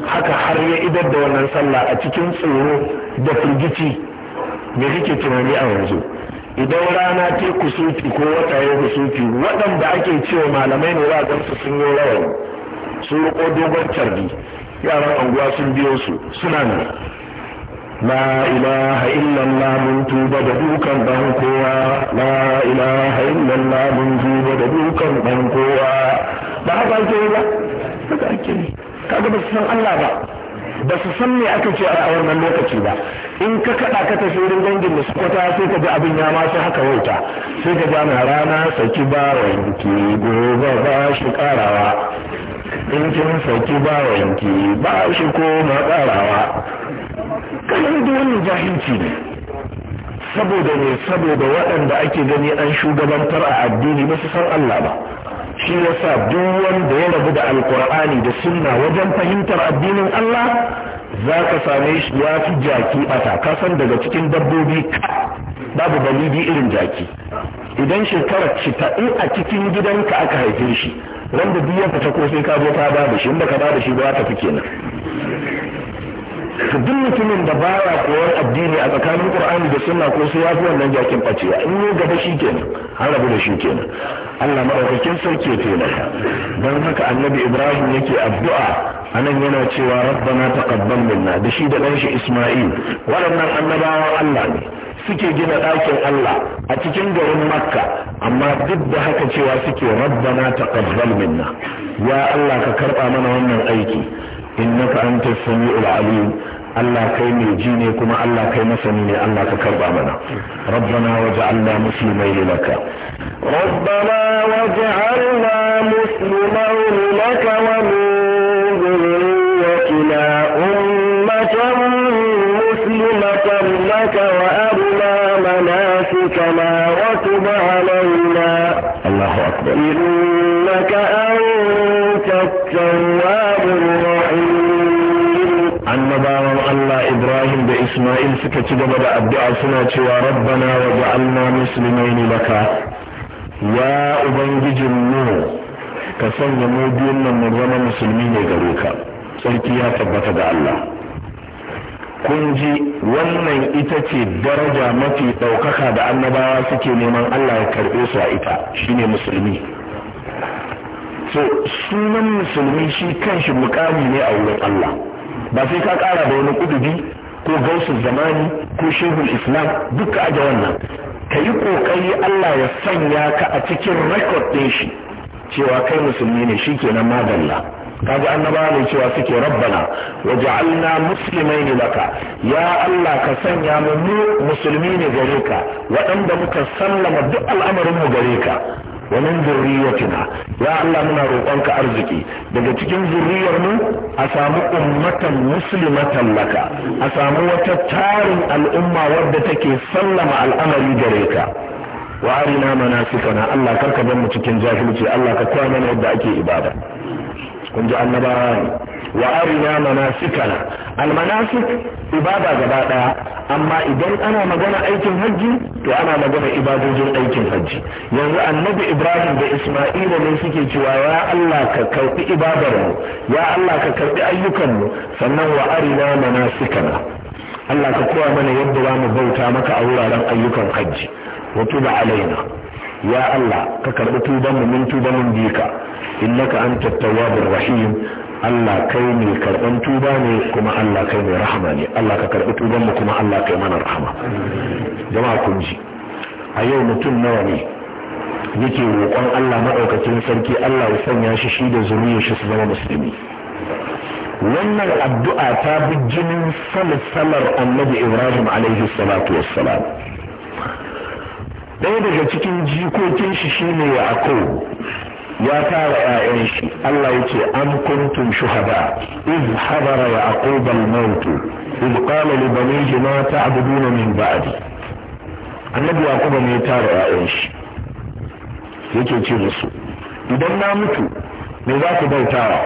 haka har ya idar da wannan sallah a cikin tsoro da firgici me kake tunani a yanzu idan rana ta kusufi ko wata ya kusufi waɗanda ake cewa malamai ne za a sun yi rawar sun riko dogon carbi yaran anguwa sun biyo su suna ne la ilaha illallah mun tuba da dukan dan kowa la ilaha illallah mun tuba da dukan dan kowa ba haka ake yi ba haka ake yi kaga ba su san Allah ba ba su san me aka ce a wannan lokaci ba in ka kada ka tafi wurin dangin da su kwata sai ka ji abin ya ma sai haka wauta sai ka ji na rana saki ba wanki gobe ba shi karawa in kin saki ba wanki ba shi ko ma karawa kalan da wannan jahilci ne saboda ne saboda waɗanda ake gani an shugabantar a addini ba su san Allah ba shi yasa duk wanda ya rabu da alkur'ani da sunna wajen fahimtar addinin Allah za ka same shi ya fi jaki bata kasan daga cikin dabbobi babu dalili irin jaki idan shekarar cita in a cikin gidanka aka haife shi wanda duk ya fita ko sai ka zo ka ba da shi inda ka ba da shi ba ta fi kenan duk mutumin da baya koyar addini a tsakanin qur'ani da sunna ko sai ya fi wannan jakin bacewa in yi gaba shi kenan an rabu da shi kenan Allah madaukakin sarki ya taimaka don haka annabi Ibrahim yake addu'a anan yana cewa rabbana taqabbal minna da shi da ɗanshi Isma'il waɗannan annabawan Allah ne suke gina ɗakin Allah a cikin garin Makka amma duk da haka cewa suke rabbana taqabbal minna ya Allah ka karɓa mana wannan aiki إنك أنت السميع العليم الله كيم يجيني كما الله كيم سميني الله تكرب أمنا ربنا وجعلنا مسلمين لك ربنا وجعلنا مسلمين لك ومن ذريتنا أمة مسلمة لك وأبنا مناسكنا وتب علينا الله أكبر annabawan Allah Ibrahim da Ismail suka ci gaba da addu'a suna cewa rabbana wa ja'alna muslimaini laka ya ubangijin mu ka sanya mu biyun nan mu zama musulmi ne gare ka sarki ya tabbata da Allah kun ji wannan ita ce daraja mafi ɗaukaka da annabawa suke neman Allah ya karɓe su a ita shine musulmi so sunan musulmi shi kanshi mukami ne a wurin Allah ba sai ka kara da wani kudubi ko gausu zamani ko shehul islam duka aje wannan ka yi kokari Allah ya sanya ka a cikin rekod ɗin shi cewa kai musulmi ne shi kenan Ka kaji annabawa mai cewa suke rabbana wa ja'alna muslimaini laka ya Allah ka sanya mu mu musulmi ne gare ka waɗanda muka sallama duk al'amarin mu gare ka wa min zurriyatina ya Allah muna roƙonka arziki daga cikin zurriyar mu a samu ummatan muslimatan laka a samu wata tarin al'umma wadda take sallama al'amari gare ka wa arina manasikana Allah karka bar mu cikin jahilci Allah ka koya mana yadda ake ibada kun ji annabawa wa arina manasikana almanasik ibada gaba daya amma idan ana magana aikin hajji to ana magana ibadojin aikin hajji yanzu annabi ibrahim da isma'ila ne suke cewa ya allah ka karbi ibadar ya allah ka karbi ayyukan mu sannan wa arina manasikana allah ka koya mana yadda za bauta maka a wuraren ayyukan hajji wa tuba alaina ya allah ka karbi tuban mu min tuban mun bika innaka antat tawwabur rahim Allah kai ne karban tuba ne kuma Allah kai mai rahama ne Allah ka karɓi tuban kuma Allah kai mana rahama jama'a kun ji a yau mutum nawa ne yake roƙon Allah maɗaukacin sarki Allah ya sanya shi shi da zuriyar shi su zama musulmi wannan addu'a ta bi jinin salsalar annabi Ibrahim alaihi salatu wassalam ɗaya daga cikin jikokin shi shine Yaqub ya tara ‘ya'yan shi Allah ya an kuntum shuhada iz habara ya al-maut iz qala li banihi ma ta'buduna min ba'di annabi yaqub ne ya tara ‘ya'yan shi yake ce musu idan na mutu me za ku bautawa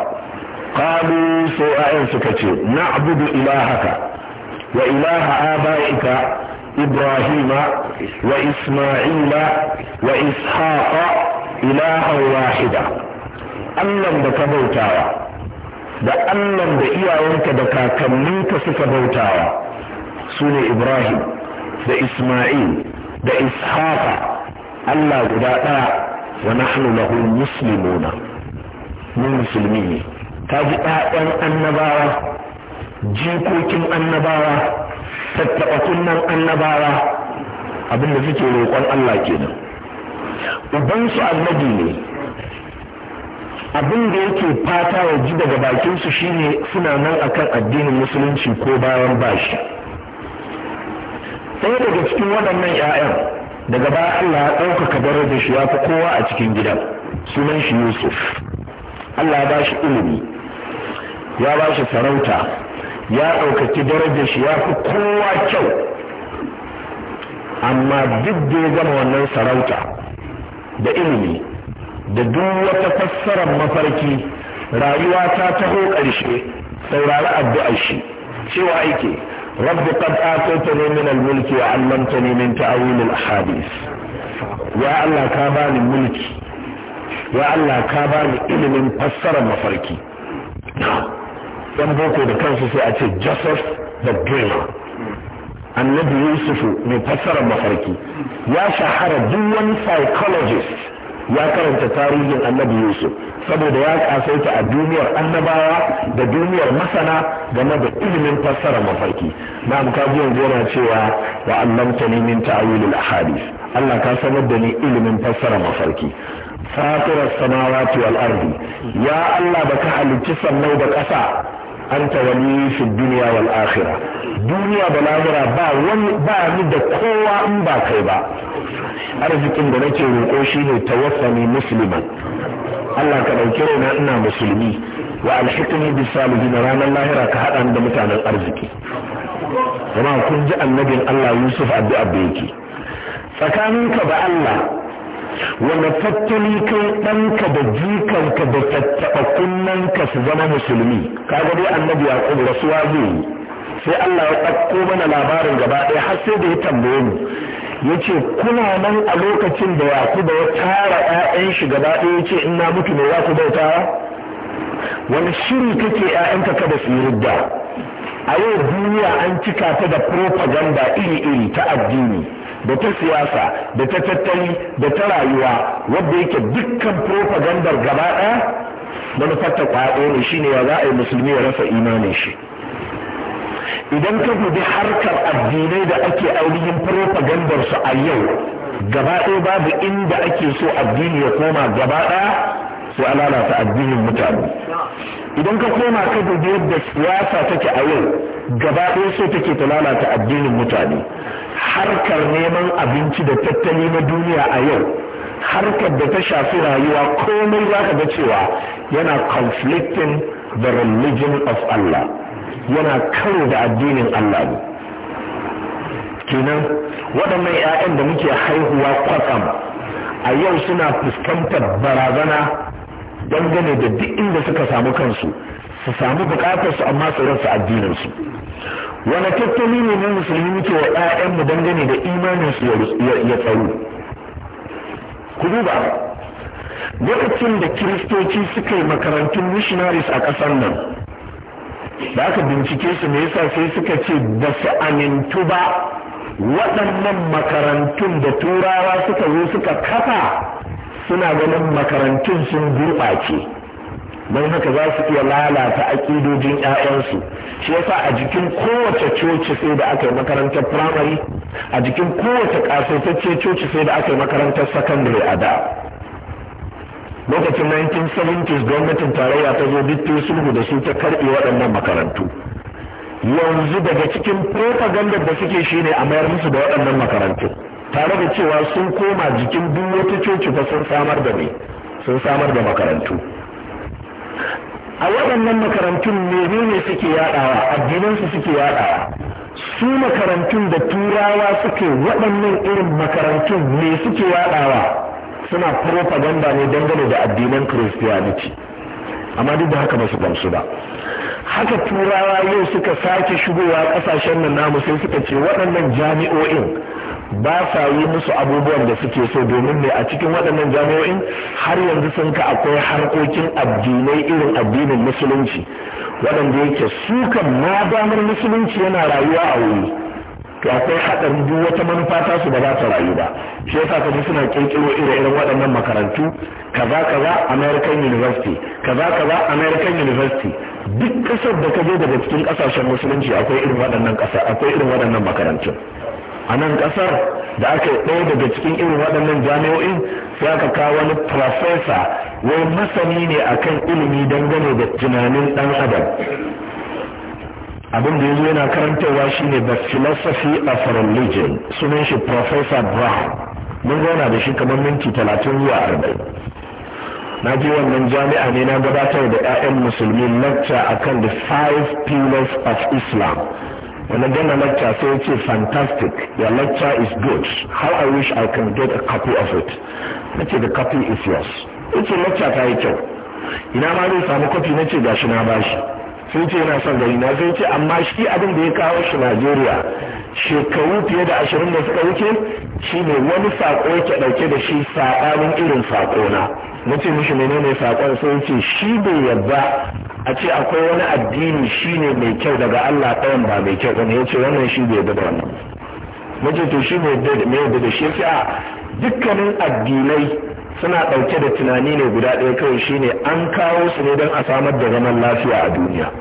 qalu sai su suka ce na'budu ilahaka wa ilaha abaika إبراهيم وإسماعيل وإسحاق إلها واحدا Allah da ka bautawa da Allah da iyayenka da kakanninka suka bautawa su ne Ibrahim da Ismail da Ishaqa Allah guda ɗaya wa nahnu lahu muslimuna mu musulmi ne ta ji ɗaɗan annabawa jikokin annabawa tattaɓa kunnan annabawa abinda suke roƙon Allah kenan ubansu annabi ne abin da yake fata ya ji daga bakinsu shine suna nan akan addinin musulunci ko bayan bashi ɗaya daga cikin waɗannan 'ya'yan daga baya Allah ya ɗaukaka darajar shi ya fi kowa a cikin gidan sunan shi Yusuf Allah ya ba ilimi ya ba shi sarauta ya ɗaukaki darajar shi ya fi kowa kyau amma duk da ya gama wannan sarauta da ilimi da duk wata fassarar mafarki rayuwa ta taho ƙarshe saurari addu'ar shi cewa yake rabbi qad atatani min al-mulki wa 'allamtani min ta'wil al-ahadith ya Allah ka bani mulki ya Allah ka bani ilimin fassarar mafarki yan boko da kansu sai a ce joseph the dreamer annabi yusufu mai fassarar mafarki ya shahara duk wani psychologist ya karanta tarihin annabi yusuf saboda ya kasaita a duniyar annabawa da duniyar masana game da ilimin fassarar mafarki na kaji yanzu yana cewa wa allamta ne min ta'wilil ahadith Allah ka sanar da ni ilimin fassarar mafarki fatirar samawati wal ardi ya Allah baka halicci sannai da ƙasa anta wali fi duniya wal akhirah duniya da lahira ba wani ba ni da kowa in ba kai ba arzikin da nake roƙo shine tawaffani musliman Allah ka ɗauki raina ina musulmi wa alhikmi bis salihin ranar lahira ka haɗa da mutanen arziki kuma kun ji annabin Allah Yusuf addu'a da yake tsakaninka da Allah wanda tattali kai ɗanka da jikanka da tattaɓa kunnanka su zama musulmi kaga dai annabi yaqub rasuwa zai yi sai Allah ya ɗauko mana labarin gaba ɗaya har sai da ya tambaye mu ya ce kuna nan a lokacin da da ya tara 'ya'yan shi gaba ɗaya ya ce in na mutu ne za bauta wani shiri kake 'ya'yanka kada su yi a yau duniya an cika ta da propaganda iri-iri ta addini da ta siyasa da ta tattali da ta rayuwa wadda yake dukkan propagandar gaba ɗaya manufarta kwaɗo ne shine ya za a yi musulmi ya rasa imanin shi idan ka dubi harkar addinai da ake ainihin propagandar su a yau gaba ɗaya babu inda ake so addini ya koma gaba ɗaya sai a lalata addinin mutane idan ka koma ka dubi yadda siyasa take a yau gaba ɗaya so take ta lalata addinin mutane harkar neman abinci da tattali na duniya a yau harkar da ta shafi rayuwa komai za ka ga cewa yana conflicting the religion of Allah yana karo da addinin Allah ne kenan waɗannan 'ya'yan da muke haihuwa kwatsam a yau suna fuskantar barazana dangane da duk inda suka samu kansu su samu bukatar su amma su rasa addinin su wani tattali ne na musulmi muke wa ƴaƴan mu dangane da imanin su ya tsaro ku duba lokacin da kiristoci suka yi makarantun missionaries a ƙasar nan da aka bincike su me yasa sai suka ce ba su amintu ba waɗannan makarantun da turawa suka zo suka kafa suna ganin makarantun sun gurɓace don haka za su iya lalata aƙidojin 'ya'yansu shi yasa a jikin kowace coci sai da aka yi makarantar firamare a jikin kowace ƙasaitacce coci sai da aka yi makarantar sakandare a da lokacin 1970s gwamnatin tarayya ta zo duk sulhu da su ta karɓe waɗannan makarantu yanzu daga cikin propaganda da suke shine a mayar musu da waɗannan makarantu tare da cewa sun koma jikin duk wata coci ba sun samar da ne sun samar da makarantu a waɗannan makarantun menene suke yaɗawa addinansu suke yaɗawa su makarantun da turawa suke waɗannan irin makarantun ne suke yaɗawa suna propaganda ne dangane da addinan christianity amma duk da haka ba su gamsu ba haka turawa yau suka sake shigowa ƙasashen nan namu sai suka ce waɗannan jami'o'in ba sa yi musu abubuwan da suke so domin ne a cikin waɗannan jami'o'in har yanzu sun ka akwai harkokin addinai irin addinin musulunci waɗanda yake sukan kan madamar musulunci yana rayuwa a wuri to akwai haɗarin duk wata manufa ta su ba za ta rayu ba shi yasa ka ji suna kirkiro ire-iren waɗannan makarantu kaza kaza American University kaza kaza American University duk ƙasar da ka je daga cikin ƙasashen musulunci akwai irin waɗannan ƙasa akwai irin waɗannan makarantun a nan kasar da aka yi ɗaya daga cikin irin waɗannan jami'o'in sai aka kawo wani profesa wai masani ne a kan ilimi dangane da tunanin ɗan adam abin da ya zo yana karantarwa ne the philosophy of religion sunan shi Profesa brown mun zauna da shi kamar minti talatin zuwa arba'in na je wannan jami'a ne na gabatar da 'ya'yan musulmi lacca akan the five pillars of islam When again the lecture says it's fantastic, your lecture is good. How I wish I can get a copy of it. Nace the copy is yours. lecture ta yi kyau. Ina ma zai samu copy nace gashi na bashi. Sai ce yana son gari na sai ce amma shi abin da ya kawo shi Najeriya shekaru fiye da ashirin da suka wuce shi ne wani sako yake ɗauke da shi saɓanin irin sako na. Nace mishi menene sakon sai ce shi bai yarda a ce akwai wani addini shine mai kyau daga Allah ɗayan ba mai kyau bane yace wannan shi bai yadda wannan mace to shi bai yarda da shi fi a dukkanin addinai suna ɗauke da tunani ne guda ɗaya kawai shine an kawo su ne don a samar da zaman lafiya a duniya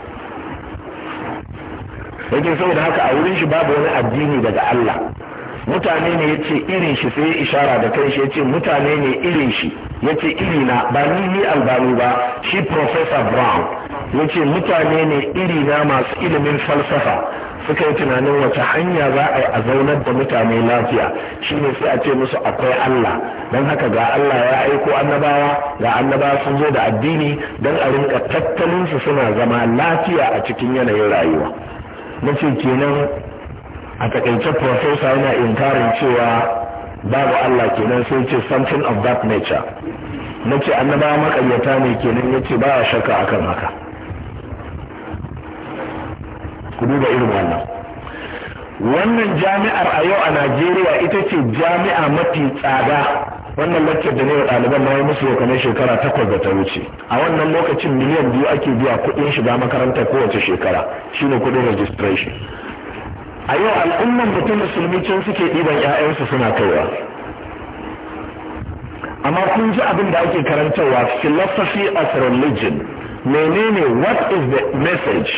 yake saboda haka a wurin shi babu wani addini daga Allah mutane ne yace irin shi sai ishara da kai shi yace mutane ne irin shi yace ce irina ba ni ni albani ba shi professor brown yace mutane ne irina masu ilimin falsafa suka yi tunanin wace hanya za a yi a zaunar da mutane lafiya shine sai a ce musu akwai Allah don haka ga Allah ya aiko annabawa ga annabawa sun zo da addini don a rinka tattalinsu suna zama lafiya a cikin yanayin rayuwa na ce kenan a takaice profesa yana inkarin cewa babu Allah kenan sai ce something of that nature na ce annaba makaryata ne kenan ya ce ba shakka akan haka ku duba irin wannan wannan jami'ar a yau a najeriya ita ce jami'a mafi tsada wannan lakcar da ne wa ɗaliban na yi musu yau kamar shekara takwas da ta wuce a wannan lokacin miliyan biyu ake biya kuɗin shiga makarantar kowace shekara shine kuɗin registration a yau al'umman mutum musulmi can suke ɗiban 'ya'yansu suna kaiwa amma kun ji abin da ake karantarwa philosophy of religion menene what is the message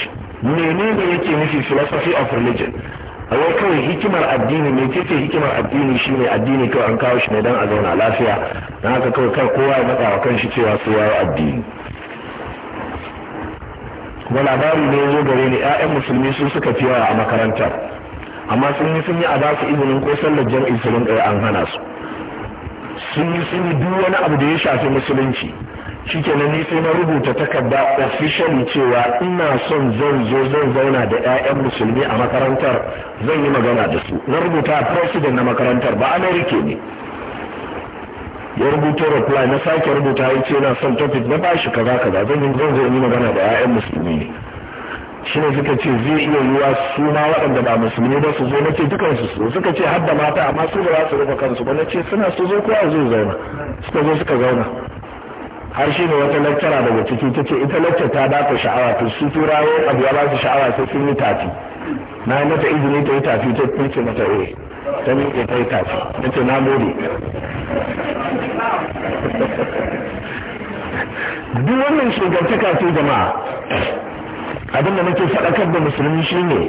menene yake nufi philosophy of religion a wai kawai hikimar addini ne ce hikimar addini shi ne addini kawai an kawo shi ne don a zauna lafiya don haka kawai kar kowa ya matsawa wa kanshi cewa su yawo addini kuma labari ne ya zo gare ni 'ya'yan musulmi sun suka fi yawa a makarantar amma sun yi sun yi a basu su izinin ko sallar jam'i su rinka an hana su sun yi sun yi duk wani abu da ya shafi musulunci shikenan ni sai na rubuta takarda officially cewa ina son zan zo zan zauna da 'ya'yan musulmi a makarantar zan yi magana da su na rubuta president na makarantar ba amerika ne ya rubuta reply na sake rubuta ya ce na son topic na bashi kaza kaza zan yi yi magana da 'ya'yan musulmi ne shine suka ce zai iya yiwa su ma waɗanda ba musulmi ba su zo na ce dukan su su suka ce har da mata amma su ba za su rufe kansu ba na ce suna su zo kowa zai zauna suka zo suka zauna har shi ne wata lakkara daga ciki ta ce ita lakcar ta dafa sha'awa to su turawa abu ya ba su sha'awa sai sun yi tafi na yi mata izini ta yi tafi ta ce mata eh ta miƙe ta yi tafi na ce na gode duk wannan shugabtaka ce jama'a abin da nake faɗakar da musulmi shine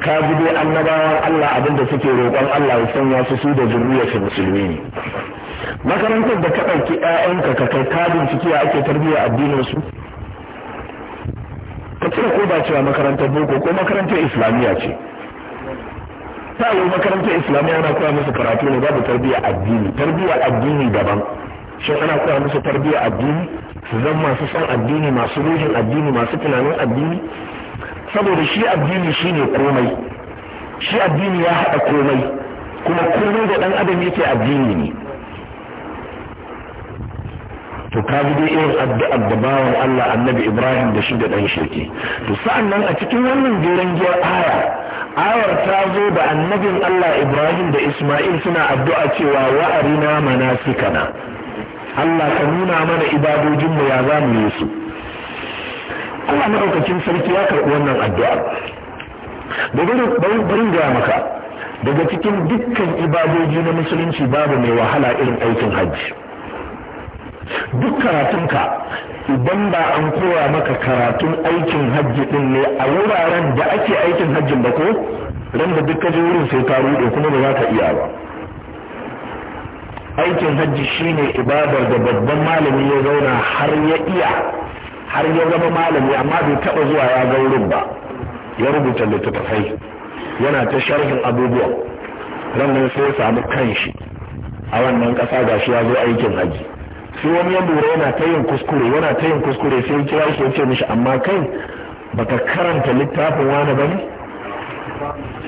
ka ji dai annabawan Allah abinda suke roƙon Allah ya sanya su su da su musulmi ne makarantar da ka ɗauki ƴaƴanka ka kai ka binciki ya ake tarbiyyar addinin su ka cire ko ba cewa makarantar boko ko makarantar islamiyya ce ta yi makarantar islamiyya na koya musu karatu ne babu tarbiyyar addini tarbiyyar addini daban shi ana koya musu tarbiyyar addini su zan masu son addini masu ruhin addini masu tunanin addini saboda shi addini shi ne komai shi addini ya haɗa komai kuma komai da ɗan adam yake addini ne to ka bi dai irin addu'ar da bawan Allah annabi Ibrahim da shi da ɗan shirki to sa'an nan a cikin wannan jeren giyar aya ayar ta zo da annabin Allah Ibrahim da Ismail suna addu'a cewa wa'arina manasikana Allah ka nuna mana ibadojinmu ya za mu yi su Allah maɗaukakin sarki ya karɓi wannan addu'a bari gaya maka daga cikin dukkan ibadoji na musulunci babu mai wahala irin aikin hajji duk karatunka idan ba an koya maka karatun aikin hajji din ne a wuraren da ake aikin hajjin ba ko ran da duk ka wurin sai ka ruɗe kuma ba za ka iya ba aikin hajji shine ibadar da babban malami ya zauna har ya iya har ya zama malami amma bai taba zuwa ya ga wurin ba ya rubuta littattafai yana ta sharhin abubuwa rannan sai ya samu kanshi a wannan kasa gashi ya zo aikin hajji sai wani ya lura yana ta yin kuskure yana ta yin kuskure sai kira shi ya ce mishi amma kai baka karanta littafin wani ba ne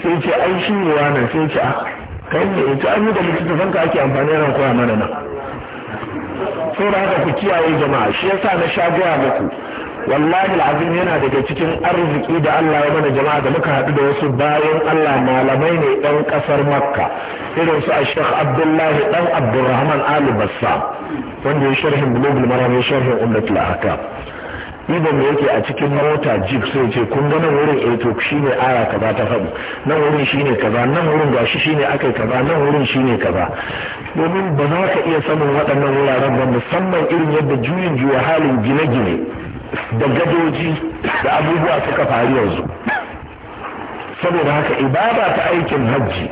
sai ce ai shi ne wani sai ce a ah, kai ne ta an yi da zan ka ake amfani ran koya mana nan saboda haka ku kiyaye jama'a shi yasa na sha gaya muku wallahi al'azim yana daga cikin arziki da Allah ya mana jama'a da muka haɗu da wasu bayan Allah malamai ne ɗan ƙasar Makka irin su Sheikh Abdullahi ɗan Abdulrahman Ali bassa. wanda ya sharhin Bulugul Maram ya sharhin Ummatul Ahkam idan da yake a cikin mota jeep sai ce kun ga nan wurin eh to shine aya kaza ta faɗi nan wurin shine kaza nan wurin gashi shine akai kaza nan wurin shine kaza domin ba za ka iya samun waɗannan wuraren ba musamman irin yadda juyin juya halin gine-gine da gadoji da abubuwa suka faru yanzu saboda haka ibada ta aikin hajji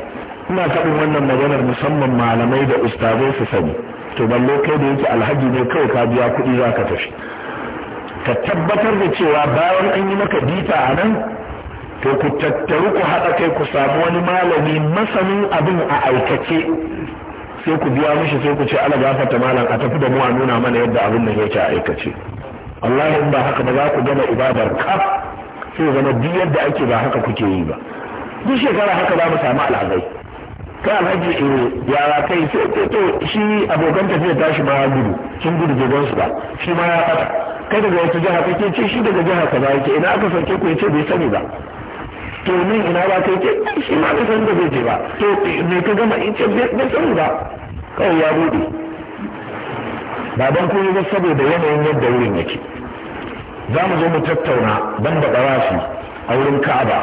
ina faɗin wannan maganar musamman malamai da ustazai su sani to balle kai da yake alhaji ne kawai ka biya kuɗi za ka tafi ka tabbatar da cewa bayan an yi maka bita a nan to ku tattaru ku haɗa kai ku samu wani malami masanin abin a aikace sai ku biya mishi sai ku ce ala fata malam a tafi da mu a nuna mana yadda abin nan yake a aikace wallahi in ba haka ba za ku gama ibadar ka sai zama duk yadda ake ba haka kuke yi ba duk shekara haka za mu samu al'azai ka alhaji eh ya kai sai to shi abokan tafiya tashi ma gudu sun gudu bai su ba shi ma ya fata kai daga wata jiha kake ce shi daga jiha ka ba yake ina aka sauke ku yace bai sani ba to ni ina ba kai ce shi ma bai san da zai je ba to me ka gama in ce bai sani ba kawai ya gudu baban kun ba saboda yanayin yadda wurin yake za mu zo mu tattauna ban da ɗawafi a wurin ka'aba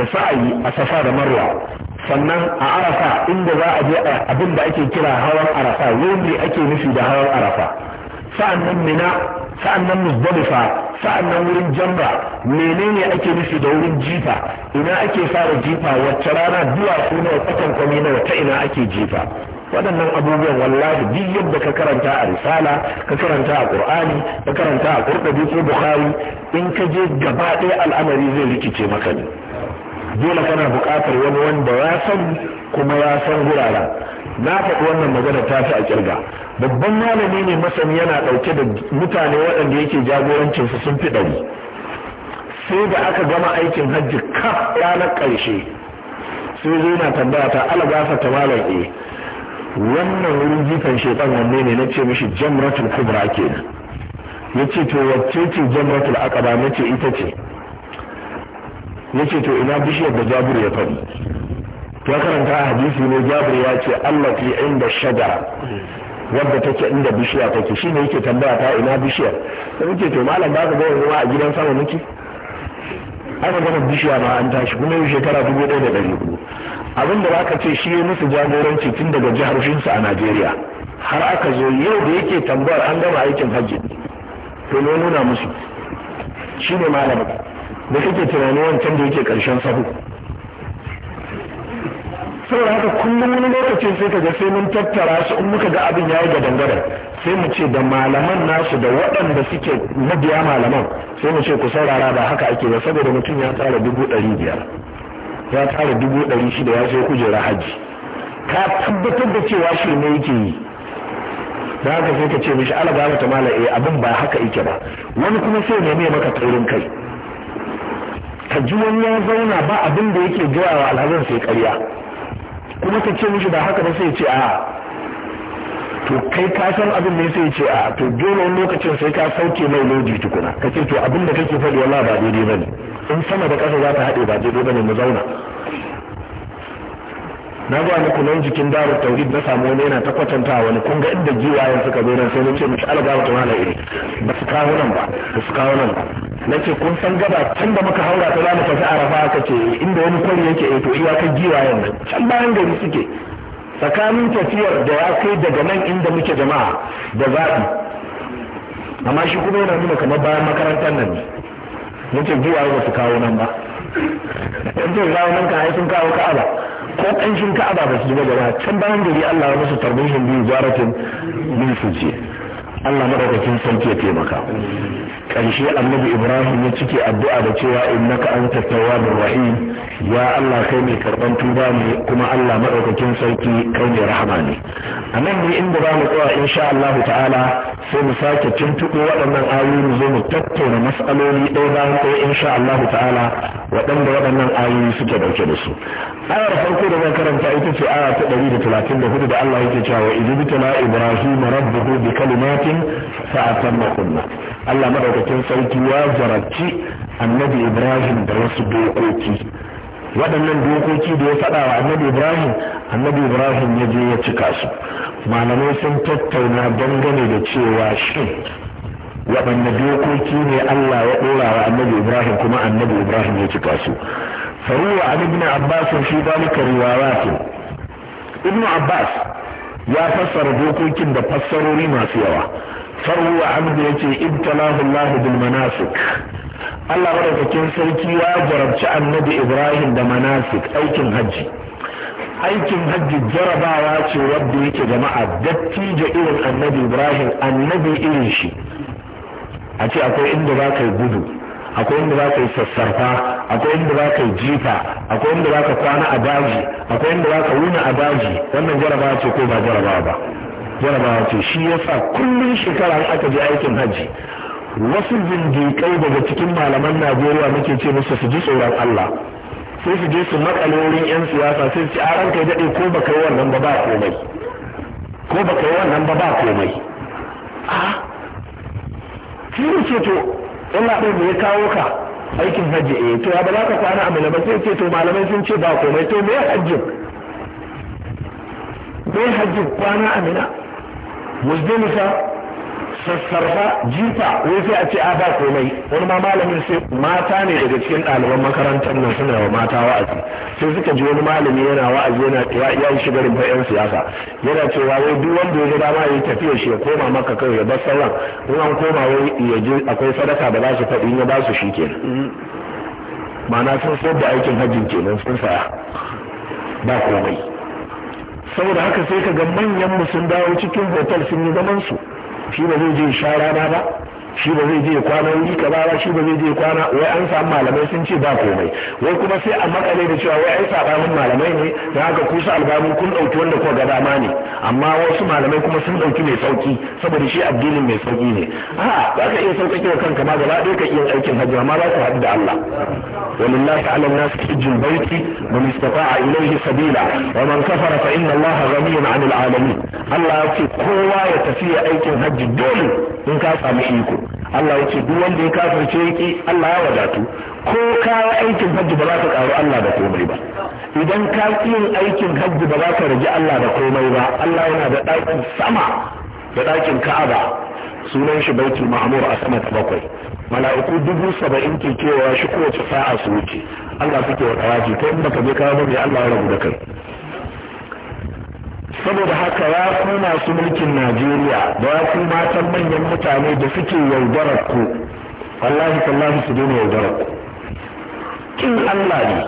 da sa'ayi a safa da marwa sannan a arafa inda za a je abin da ake kira hawan arafa wuri ake nufi da hawan arafa sa'annan mina sa'annan muzdalifa sa'annan wurin jamba menene ake nufi da wurin jifa ina ake fara jifa wacce rana duwatsu nawa kwatan kwami nawa ta ina ake jifa waɗannan abubuwan wallahi duk yadda ka karanta a risala ka karanta a qur'ani ka karanta a qur'ani ko bukhari in ka je gaba ɗaya al'amari zai rikice maka ne dole kana buƙatar wani wanda ya san kuma ya san guraren na faɗi wannan magana ta fi a kirga babban malami ne masani yana ɗauke da mutane waɗanda yake jagorancin su sun fi ɗari sai da aka gama aikin hajji kaf ranar ƙarshe sai zo na tambaya ta alagasa ta malam e wannan wurin jifan shekan wanne ne na ce mishi jamratul kubra kenan ya ce to wacce ce jamratul akaba na ce ita ce yace to ina bishiyar da jabir ya faɗi ya karanta a hadisi ne jabir ya ce Allah fi inda shajara wadda take inda bishiya take shine yake tambaya ta ina bishiyar sai nake to malam ba ka ga yanzu a gidan sama muke aka gama bishiya ma an tashi kuma yau shekara dubu ɗaya da ɗari hudu abin da ce shi ya musu jagoranci tun daga jiharshinsu a najeriya har aka zo yau da yake tambayar an gama aikin hajji to ne nuna musu shi ne malamin da kake tunani wancan da yake karshen sahu saboda haka kullum wani lokacin sai kaga sai mun tattara su in muka ga abin yayi ga dangaren sai mu ce da malaman nasu da waɗanda suke mabiya malaman sai mu ce ku saurara ba haka ake ba saboda mutum ya tsara dubu ɗari biyar ya tsara dubu ɗari shida ya sai kujera hajji ka tabbatar da cewa shi ne yake yi da haka sai ka ce mishi ala ta mala eh, abin ba haka yake ba wani kuma sai ne mai maka taurin kai ka ji wani ya zauna ba abin da yake gaya wa alhazan sai karya kuma ka ce mishi ba haka ba sai ce a to kai ka san abin ne sai ce a to dole wani lokacin sai ka sauke mai loji tukuna ka ce to abin da kake faɗi wallahi ba daidai bane in sama da ƙasa za ta haɗe ba daidai bane mu zauna na zuwa muku nan jikin daru tauhid na samu wani yana ta kwatanta wani kun ga inda giwayen suka zo nan sai mun ce mu alga mutum ala iri ba su kawo nan ba ba su kawo nan ba na ce kun san gaba tun da muka haura ta zamu tafi arafa aka ce inda wani kwari yake eh to iyakar giwayen nan can bayan gari suke tsakanin tafiyar da ya kai daga nan inda muke jama'a da zaɓi amma shi kuma yana nuna kamar bayan makarantar nan ne mun ce giwaye ba su kawo nan ba yanzu kawo nan ka haifin kawo ka'aba ko shin ka'aba ba su ba gaba can bayan gari Allah ya musu tarbihin biyu zaratin min suje Allah madaukakin sarki ya taimaka ƙarshe annabi Ibrahim ya cike addu'a da cewa innaka anta tawwabur rahim ya Allah kai mai karban tuba ne kuma Allah madaukakin sarki kai mai rahama ne anan ne inda za mu tsaya insha Allah ta'ala sai mu sake tuntuɓo waɗannan ayoyi mu zo mu tattauna mas'aloli ɗaya bayan ɗaya insha Allah ta'ala waɗanda waɗannan ayoyi suke ɗauke da su ayar farko da zan karanta ita ce aya ta ɗari da talatin da hudu da Allah yake cewa idibtala ibrahim rabbuhu bi kalimatin fa atamma kunna Allah madaukakin sarki ya jarabci annabi ibrahim da wasu dokoki waɗannan dokoki da ya faɗa wa annabi ibrahim annabi ibrahim ya je ya cika su malamai sun tattauna dangane da cewa shin waɗanne dokoki ne allah ya ɗora wa annabi ibrahim kuma annabi ibrahim ya cika su faruwa an ibn abbas fi dalika riwayat ibn abbas ya fassara dokokin da fassarori masu yawa faruwa an ya ce ibtalahu allah bil manasik Allah madaukakin sarki ya jarabci annabi Ibrahim da manasik aikin hajji aikin hajji jarabawa ce wadda yake jama'a dattijo irin annabi Ibrahim annabi irin shi a ce akwai inda za ka yi gudu akwai inda za ka yi sassarfa akwai inda za ka yi jifa akwai inda za ka kwana a daji akwai inda za ka wuna a daji wannan jarabawa ce ko ba jarabawa ba jarabawa ce shi yasa kullum shekara aka je aikin hajji wasu zindikai daga cikin malaman najeriya muke ce musu su ji tsoron allah sai su je su makale wurin yan siyasa sai su ci a ranka ya daɗe ko baka yi wannan ba ba komai ko baka yi wannan ba ba komai a shi ne ce to Allah ɗin ya kawo ka aikin hajji eh to ya ba za ka kwana a malamai sai ce to malamai sun ce ba komai to me hajji me hajji kwana a mina muzdalifa sassarfa jifa wai sai a ce a ba komai wani ma malamin sai mata ne daga cikin ɗaliban makarantar nan suna wa mata wa'azi sai suka ji wani malami yana wa'azi yana ya yi shigarin yan siyasa yana cewa wai duk wanda ya ga dama ya tafiya shi ya koma maka kai ya bar sallan. in an koma wai ya ji akwai sadaka da za su faɗi in ya ba su shi kenan ma'ana sun sayar da aikin hajjin kenan sun saya ba komai saboda haka sai ka ga manyan mu sun dawo cikin hotel sun yi zaman su shi ba zai je sha rana ba shi ba zai je kwana wuri kaza ba shi ba zai je kwana wai an samu malamai sun ce ba komai wai kuma sai a makale da cewa wai ai sabamin malamai ne da haka kusa albamu kun dauki wanda ko ga dama ne amma wasu malamai kuma sun dauki mai sauki saboda shi addinin mai sauki ne a za ka iya sauƙaƙe wa kanka ma gaba ɗaya ka iya aikin hajji amma ba ka haɗu da Allah walillahi ala nas hijjul baiti man istata'a ilayhi sabila wa man kafara fa inna Allah ghaniyun 'anil 'alamin Allah ya ce kowa ya tafi aikin hajji dole in ka samu iko Allah ya ce duk wanda ya kafirce yake Allah ya wadatu ko ka aikin hajji ba za ka karu Allah da komai ba idan ka yin aikin hajji ba za ka rage Allah da komai ba Allah yana da ɗakin sama da ɗakin ka'aba sunan shi baitul ma'amur a sama ta bakwai mala'iku dubu saba'in ke kewa shi kowace sa'a su wuce Allah suke wa ɗawaji ta inda ka je kawo mai Allah ya rabu da kai saboda haka ya ku masu mulkin Najeriya da ya ku matan manyan mutane da suke yaudarar ku wallahi sallahu su daina yaudarar ku kin Allah ne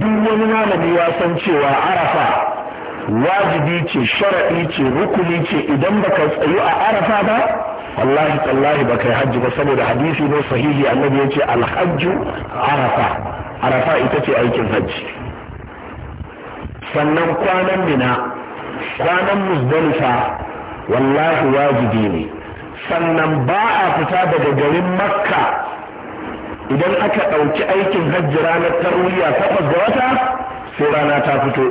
duk wani malami ya san cewa arafa wajibi ce sharaɗi ce rukuni ce idan baka tsayu a arafa ba wallahi tallahi baka yi hajji ba saboda hadisi ne sahihi annabi ya ce alhajju arafa arafa ita ce aikin hajji sannan kwanan mina kwanan musdalifa wallahi wajibi ne sannan ba a fita daga garin makka idan aka ɗauki aikin hajji ranar tarwiyya takwas ga wata sai rana ta fito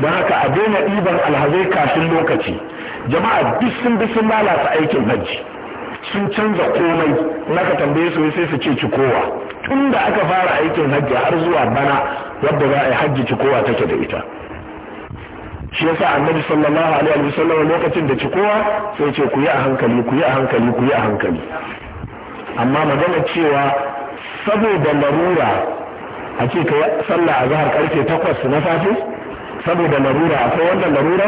don haka a daina ɗiban alhazai kafin lokaci jama'a bisin bisin lalata aikin hajji sun canza komai na ka tambaye su sai su ce cikowa tun da aka fara aikin hajji har zuwa bana wadda za a yi hajji cikowa take da ita shi yasa annabi sallallahu alaihi wa sallam lokacin da cikowa sai ce ku yi a hankali ku yi a hankali ku yi a hankali amma magana cewa saboda larura a ce ka sallah a zahar karfe takwas na safe saboda larura akwai wannan larura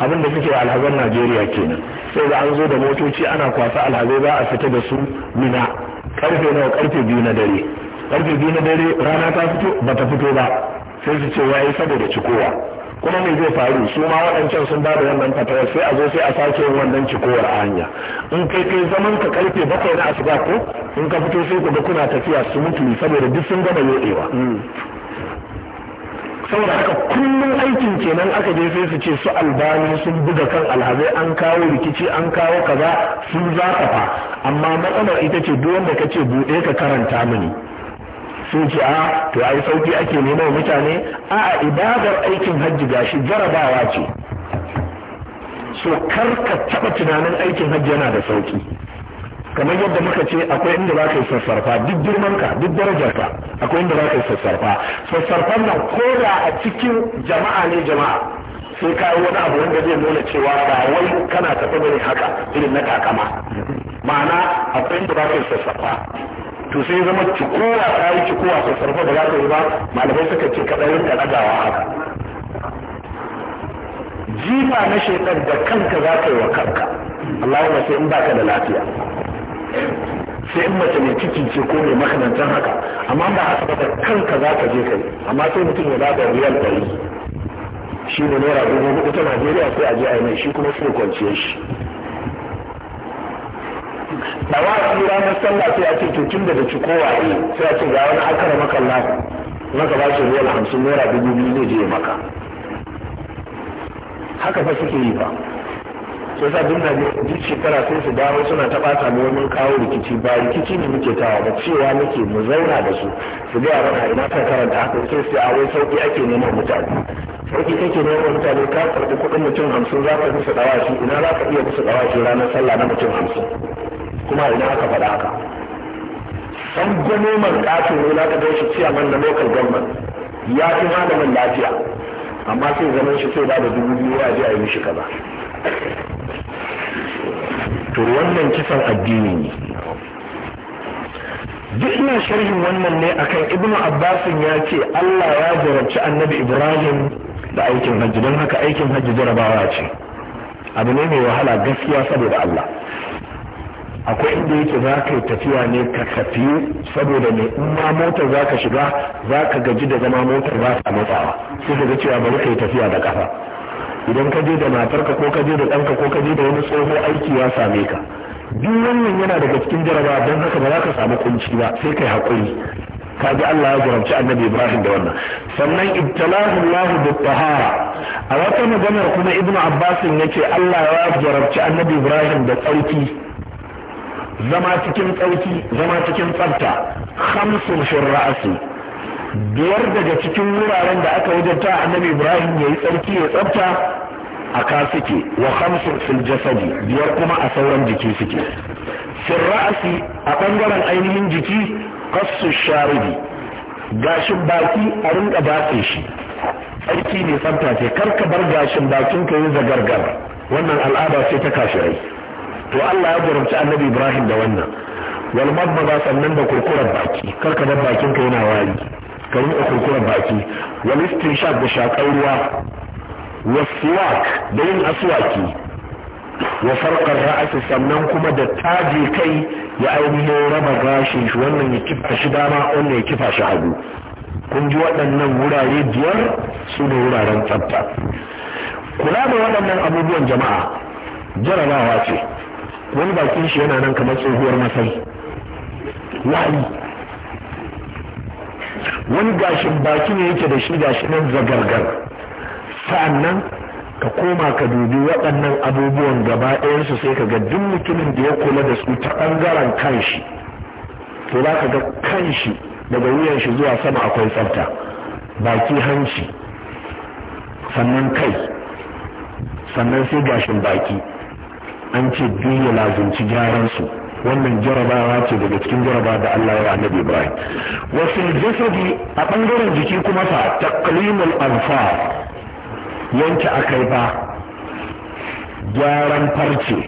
abin da suke alhazan najeriya kenan sai da an zo da motoci ana kwasa alhazai za a fita da su mina karfe nawa karfe biyu na dare karfe biyu na dare rana ta fito ba ta fito ba sai su ce yayi saboda cikowa kuma me zai faru su ma waɗancan sun ba da wannan fatawa sai a zo sai a sake yin wannan cikowar a hanya in kai kai zaman ka karfe bakwai na asuba ko in ka fito sai ku ga kuna tafiya su mutu saboda duk sun gama yodewa mm. saboda haka kullum aikin kenan aka je sai su ce su albani sun buga kan alhazai an kawo rikici an kawo kaza sun fa, amma matsalar ita ce duk wanda ce bude ka karanta mini sun ce a ah, to ai sauki ake nema wa mutane a a ibadar aikin hajji gashi jarabawa ce so kar ka taɓa tunanin aikin hajji yana da sauki kamar yadda muka ce akwai inda za ka yi sassarfa duk girmanka duk darajarka akwai inda za ka yi sassarfa sassarfan nan ko da a cikin jama'a ne jama'a sai ka yi wani abu wanda zai nuna cewa ba wai kana tafi bane haka irin na takama ma'ana akwai inda za ka yi sassarfa to sai zama cikowa ta yi cikowa sassarfa da za ka yi ba malamai suka ce kaɗan rinka ɗagawa haka jifa na shekar da kanka za ka yi wa kanka Allahumma sai in baka da lafiya sai in mace mai ciki ce ko mai makamancin haka amma ba haka ba kanka za ka je kai amma sai mutum ya ba da riyal ɗari shi ne naira dubu hudu ta najeriya sai a je a yi mai shi kuma sai kwanciyar shi da wa a ranar sallah sai a ce to tun da da ci kowa yi sai a ce ga wani akara makalla lafi maka ba shi riyal hamsin naira dubu biyu zai je maka haka fa suke yi ba sai sa duk da duk shekara sai su dawo suna ta bata mu wani kawo rikici ba rikici ne muke tawa ba cewa muke mu zauna da su su ga mana ina kan karanta haka sai sai a wai sauki ake neman mutane sauki kake neman mutane ka karɓi kuɗin mutum hamsin za ka musu shi ina za ka iya musu shi ranar sallah na mutum hamsin kuma ina aka faɗa haka san man ƙato ne na ka gan shi ciyaman na local government ya fi malamin lafiya amma sai zaman shi sai ba da dubu biyu a je a yi mishi kaza to wannan kisan addini ne duk ina sharhin wannan ne akan ibnu abbasin ya ce allah ya jarabci annabi ibrahim da aikin hajji don haka aikin hajji jarabawa ce abu ne mai wahala gaskiya saboda allah akwai inda yake za ka yi tafiya ne ka tafi saboda ne in ma motar za ka shiga za ka gaji da zama motar ba ta matsawa sai ka ga cewa bari ka yi tafiya da kafa idan ka je da matarka ko ka je da ɗanka ko ka je da wani tsoho aiki ya same ka duk wannan yana daga cikin jaraba don haka ba za ka samu kunci ba sai kai haƙuri ka ji Allah ya jarabci annabi Ibrahim da wannan sannan ibtalahu Allah bi tahara a wata maganar kuma Ibn Abbas yace Allah ya jarabci annabi Ibrahim da tsarki zama cikin tsarki zama cikin tsafta khamsun fi ra'si biyar daga cikin wuraren da aka wajabta annabi ibrahim ya yi tsarki ya tsabta a ka suke wa khamsu fil jasadi biyar kuma a sauran jiki suke fil ra'asi a bangaren ainihin jiki qassu sharibi gashin baki a rinka batse shi tsarki ne tsabta ce kar ka bar gashin bakin ka yin zagargar wannan al'ada ce ta rai to Allah ya jarumci annabi ibrahim da wannan wal madmada sannan da kurkurar baki kar ka bar bakin ka yana wari ka rinka kurkurar baki stin shak da shakar ruwa siwak da yin asuwaki wa farkar ra'asi sannan kuma da taji kai ya ainihin raba gashin shi wannan ya kifa shi dama wannan ya kifa shi hagu kun ji waɗannan wurare biyar su ne wuraren tsafta kula da waɗannan abubuwan jama'a jarabawa ce wani bakin shi yana nan kamar tsohuwar masai wani wani gashin baki ne yake da shi gashi nan zagargar sannan ka koma ka dubi waɗannan abubuwan gaba ɗayansu sai ka ga duk mutumin da ya kula da su ta ɓangaren kanshi to za ka ga kanshi daga wuyan shi zuwa sama akwai tsafta baki hanci sannan kai sannan sai gashin baki an ce duk ya lazunci gyaran su wannan jarabawa ce daga cikin jaraba da Allah ya annabi Ibrahim wasu jasadi a bangaren jiki kuma fa taqlimul anfar yanke akai ba gyaran farce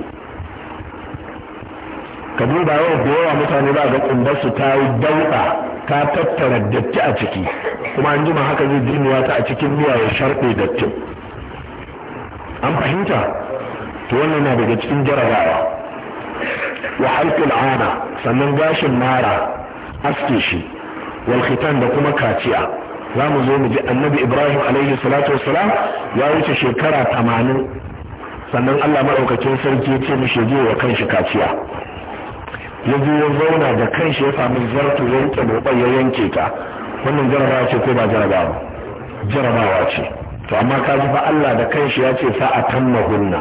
ka duba yau da yawa mutane ba ga kumbar su ta yi dauɗa ta tattara datti a ciki kuma an jima haka zai jirmiya ta a cikin miya ya sharɓe dattin an fahimta to wannan na daga cikin jarabawa wa halqul ana sannan gashin mara aske shi walkitan da kuma kaciya za mu zo mu ji annabi ibrahim alaihi ya wuce shekara tamanin sannan allah maɗaukakin sarki ya ce mishi je wa kanshi kaciya ya zo ya zauna da kanshi ya sami zarto ya rike ya yanke ta wannan jarabawa ce ko ba jarabawa jarabawa ce to amma ka Allah da kanshi ya ce sa atammahunna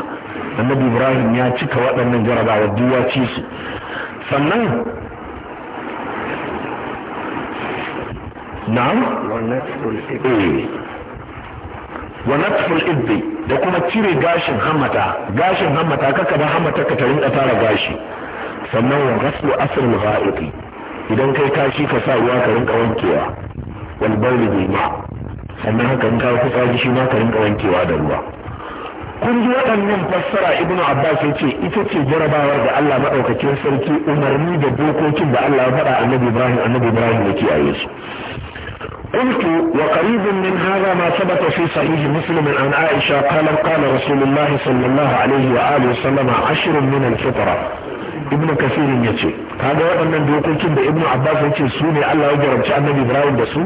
annabi Ibrahim ya cika waɗannan jarabawa duk ya ci su sannan na'am eh. wa natful da kuma cire gashin hamata, gashin hamata kaka ba hamata ka tarin ka tara gashi sannan wa ghaslu asrul idan kai kashi ka sa ruwa ka rinka wankewa wal bawli bil ma' sannan haka in kawo fitsari shi ma ka rinka wankewa da ruwa kun ji waɗannan fassara ibnu abbas yace ita ce jarabawar da allah maɗaukakin sarki umarni da dokokin da allah ya faɗa annabi ibrahim annabi ibrahim ya kiyaye su قلت وقريب من هذا ما ثبت في صحيح مسلم عن عائشة قال قال رسول الله صلى الله عليه وآله وسلم عشر من الفطرة ابن كثير يتي هذا وأن دوقوكين ابن عباس يتي سوني الله يجرب النبي إبراهيم بسو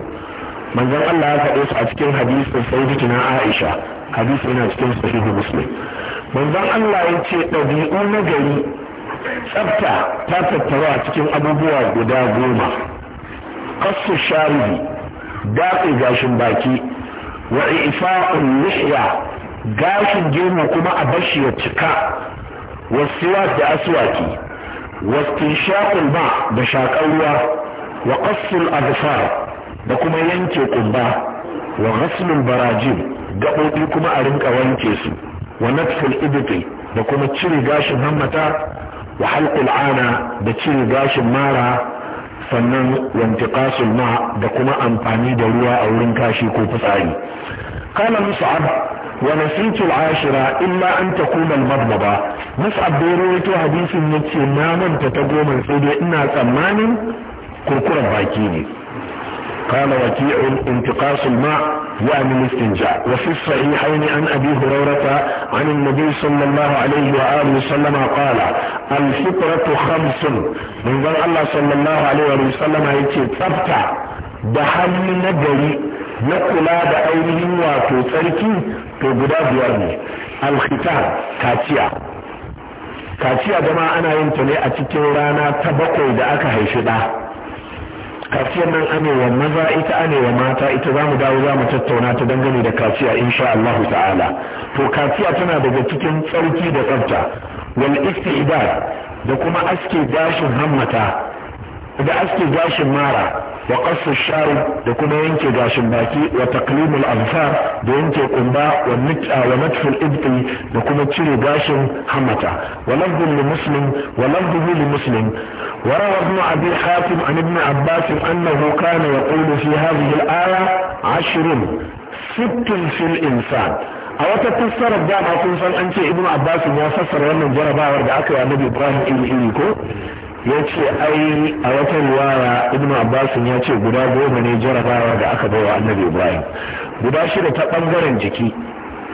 manzon Allah ya faɗo su a cikin hadisin sayyidati na Aisha hadisi yana cikin sahihu Muslim manzon Allah ya ce ɗabi'u na gari tsafta ta tattaru a cikin abubuwa guda goma kasu sharibi daƙi gashin baki wa ifa'un lihya gashin girma kuma a bashi ya cika wasuwa da aswaki wasu shaƙul ma da shakar ruwa wa kasul azfar da kuma yanke kubba wa ghaslul barajil gaɓoɓi kuma a rinka wanke su wa nafsul ibti da kuma cire gashin hammata wa halqul ana da cire gashin mara sannan wantiqasul ma da kuma amfani da ruwa a wurin kashi ko fitsari qala mus'ab wa nasitu ashira illa an takuna al-madmada mus'ab da rawaito hadisin yace na manta ta goma sai dai ina tsammanin kurkurar baki ne قال وكيع انتقاص الماء يعني الاستنجاء وفي الصحيحين عن أبي هريرة عن النبي صلى الله عليه وآله وسلم قال الفطرة خمس من ذلك الله صلى الله عليه وآله وسلم يتي تفتع دحل نجري نقلا بأينه واتو تركي تبدا بيرني الختام كاتيا كاتيا jama'a انا yin ta تبقي a cikin rana kaciyar nan anewa maza ita anewa mata ita za mu dawo za mu tattauna ta dangane da kaciya insha Allah ta'ala to kaciya tana daga cikin tsauki da tsafta wal istidad da kuma aske gashin hammata da aske gashin mara wa qassu shari da kuma yanke gashin baki wa taqlimul anfar da yanke kumba wa nit'a wa natful ibti da kuma cire gashin hamata wa lafdhu li muslim wa lafdhu li muslim wa rawa ibn abi hatim an ibn abbas annahu kana yaqulu fi hadhihi al-aya ashrun sittun fil insan a wata fassarar dama kun san an ce ibn abbas ya fassara wannan jarabawar da aka yi annabi ibrahim iri iri ko ya ce ai a wata riwaya ibn abbas ya ce guda goma ne jarabawa da aka bai wa annabi ibrahim guda shida ta bangaren jiki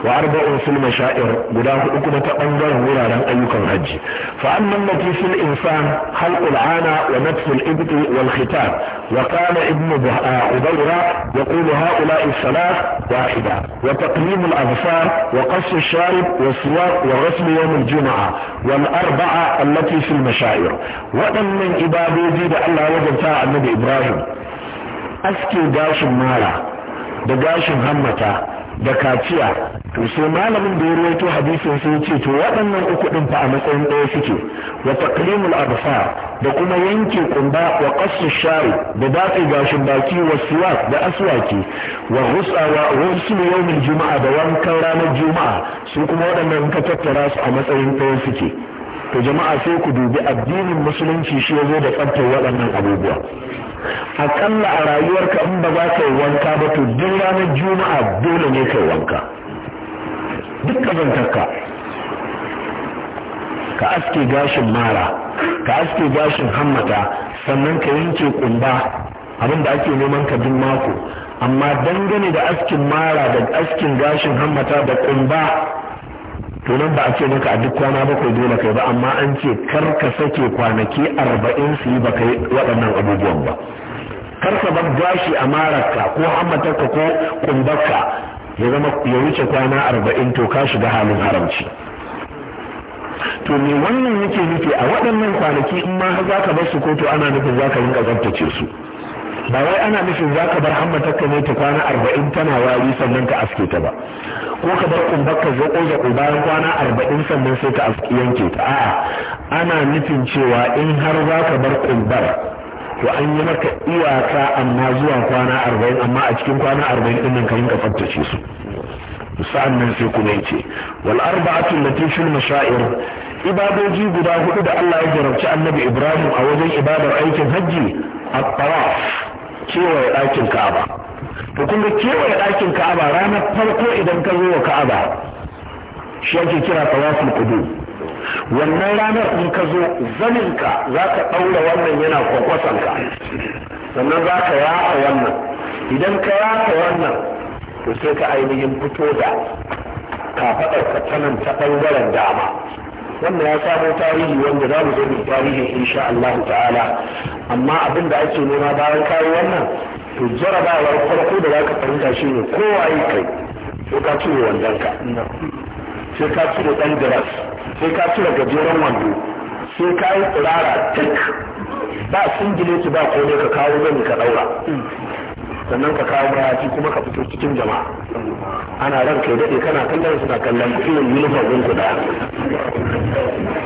وأربع في المشائر قد أكون انظر ولا لن أيكم حج فأما التي في الإنسان خلق العانى ونفس الإبط والختان وقال ابن آه، عبيرة يقول هؤلاء الثلاث واحدة وتقليم الأظفار وقص الشارب والسواق وغسل يوم الجمعة والأربعة التي في المشائر وأن من إبابي جيد ألا وجد ساعة النبي إبراهيم أسكي داش مالا دقاش همتا da kaciya to sai malamin da ya rawaito hadisin sai ce to waɗannan uku din fa a matsayin ɗaya suke wa taqlimul absar da kuma yanke kunba wa qassu shari da dafi gashin baki wa siwak da aswaki wa ghusa wa ghusl al juma'a da wankan ranar juma'a su kuma waɗannan ka tattara su a matsayin ɗaya suke to jama'a sai ku dubi addinin musulunci shi ya zo da tsantar waɗannan abubuwa aƙalla a rayuwarka in ba za ka yi wanka ba to duk ranar juma'a dole ne ka yi wanka duk kazantarka ka aske gashin mara ka aske gashin hammata sannan ka yanke kumba abin da ake neman ka duk mako amma dangane da askin mara da askin gashin hammata da kumba to nan ba a ce maka a duk kwana bakwai dole kai ba amma an ce kar ka sake kwanaki arba'in su yi ba kai waɗannan abubuwan ba kar ka bar gashi a mararka ko hammatarka ko kumbarka ya zama ya wuce kwana arba'in to ka shiga halin haramci to me wannan yake nufi a waɗannan kwanaki in ma za ka bar su ko to ana nufin za ka rinka tsaftace su ba wai ana nufin za ka bar hammatarka ne ta kwana arba'in tana wari sannan ka aske ta ba ko ka bar kumbarka zaƙo zaƙo bayan kwana arba'in sannan sai ka yanke ta a'a ana nufin cewa in har za ka bar kumbar to an yi maka iyaka amma zuwa kwana arba'in amma a cikin kwana arba'in ɗin nan ka yi rinka tsaftace su sa'an nan sai kuma ya ce wal arba'atu allati fil mashaa'ir ibadoji guda hudu da Allah ya jarabci annabi Ibrahim a wajen ibadar aikin hajji at-tawaf kewaye ɗakin ka'aba to kun kewaye ɗakin ka'aba ranar farko idan ka zo wa ka'aba shi ake kira tawaful kudu wannan ranar in ka zo zaninka za ka ɗaura wannan yana kwakwasanka sannan za ka yafa wannan idan ka yafa wannan to sai ka ainihin fito da kafaɗar ka tanan ta ɓangaren dama wannan ya samo tarihi wanda za mu zo mu tarihin insha Allah ta'ala amma abin da ake nema bayan kawo wannan to jarabawar farko da zaka fahimta ne kowa yi kai sai ka cire wandon ka sai ka cire dan gilas sai ka cire gajeren wando sai ka yi tsirara tik ba singile ba komai ka kawo zan ka daura sannan ka kawo mayafi kuma ka fito cikin jama'a ana ran kai daɗe kana kallon suna kallon irin yunifon ɗin ku ɗaya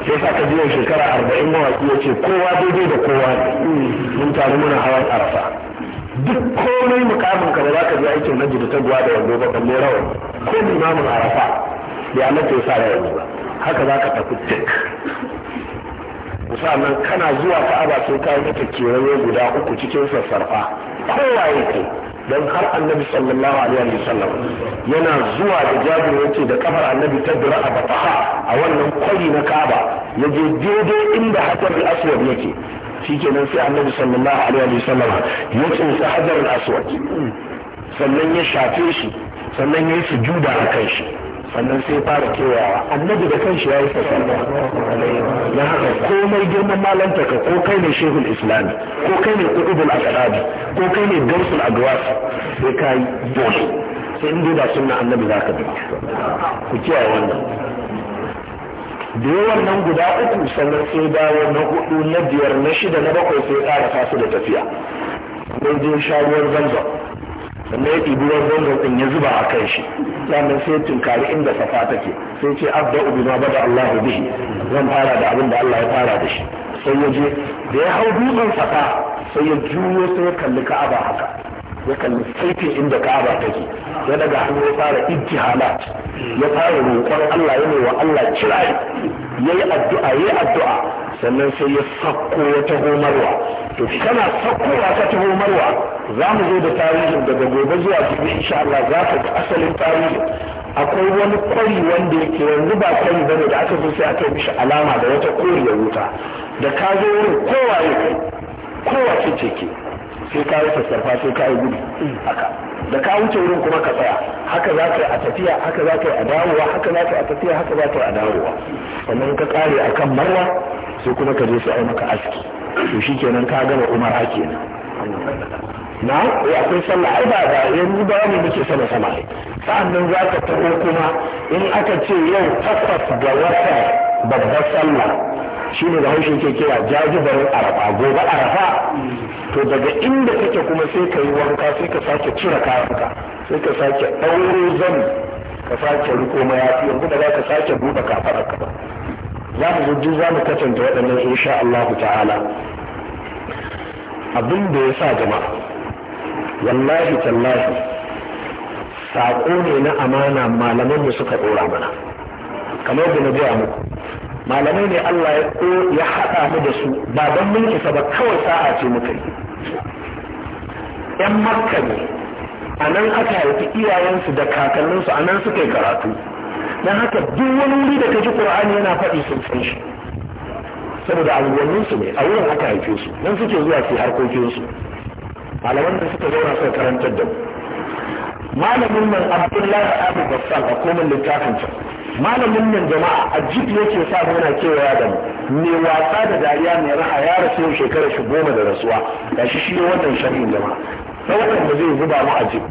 sai sa ka biyan shekara arba'in mawaƙi ya ce kowa daidai da kowa mun taru muna hawan arafa duk komai mukamin ka ba za ka je aikin naji da taguwa da wando ba balle rawa ko limamin arafa ya halatta ya sa rawani ba haka za ka tafi tik musamman kana zuwa ka'aba sai kayan mata kewaye guda uku cikin sassarfa kowa yake don har annabi sallallahu alaihi wa sallam yana zuwa da jabir yace da kafar annabi ta dura a bataha a wannan kwari na kaba ya je daidai inda hajar al-aswad yake shikenan sai annabi sallallahu alaihi wa sallam ya tsinsa hajar al-aswad sannan ya shafe shi sannan ya yi sujuda a kan shi sannan sai fara kewawa. annabi da kanshi ya yi fasalla don haka komai girman malantaka ko kai ne shehul islam ko kai ne kudubul asadi ko kai ne gausul agwas sai ka yi dole sai in ba sunna annabi za ka bi ku kiyaye wannan da yawan nan guda uku sannan sai dawo na hudu na biyar na shida na bakwai sai ƙara fasu da tafiya Mun je shaguwar zanzan sannan ya ɗibi ruwan ɗin ya zuba a kan shi sannan sai tunkari inda safa take sai ce abda ubi ma bada Allah bihi zan fara da abin da Allah ya fara da shi sai ya je da ya hau dutsen safa sai ya juyo sai ya kalli ka'aba haka ya kalli saitin inda ka'aba take ya daga hannu ya fara ijtihalat ya fara roƙon Allah ya wa Allah kirai yayi addu'a yayi addu'a sannan sai ya sakko wata homarwa to kana sakkowa ka ta homarwa za mu zo da tarihin daga gobe zuwa gobe insha Allah za ka ga asalin tarihin akwai wani kwari wanda yake yanzu ba kwari bane da aka zo sai aka mishi alama da wata koriyar wuta da ka zo wurin kowa kowace ce ke sai ka yi sassarfa sai ka yi gudu haka da ka wuce wurin kuma ka tsaya haka za ka yi a tafiya haka za ka yi a dawowa haka za ka yi a tafiya haka za ka yi a dawowa sannan ka kare akan kan marwa sai kuma ka je sai ai maka aski to shi kenan ka gama umar hake na na eh, ya akwai sallah ai ba ba yanzu bayani muke sama sama nan za ka tabo kuma in aka ce yau takwas ga wata babbar sallah shi ne haushin ke kira jajibarin arafa gobe arafa to daga inda kake kuma sai ka yi wanka sai ka sake cire kayanka sai ka sake ɗauro zan ka sake riko mayafi yanzu da za ka sake buɗe kafaɗar ba za mu zo za mu katanta waɗannan sha Allah ta'ala abin da ya sa jama'a wallahi tallahi saƙo ne na amana malaman mu suka ɗora mana kamar da na gaya muku malamai ne Allah ya ko ya haɗa mu da su ba don mun isa ba kawai sa'a ce muka yi yan makka ne a nan aka haifi iyayensu da kakanninsu a nan suka yi karatu don haka duk wani wuri da ka ji ƙur'ani yana faɗi sun san shi saboda unguwanninsu ne a wurin aka haife su nan suke zuwa su harkokinsu malaman da suka zauna suka karantar da mu malamin nan abdullahi abu bassal a komin littafin can malamin nan jama'a a jip yake sa muna cewa da mu mai wasa da dariya mai raha ya rasu yau shekara shi goma da rasuwa ga shi shi wannan sharhin jama'a sai da zai zuba mu a jip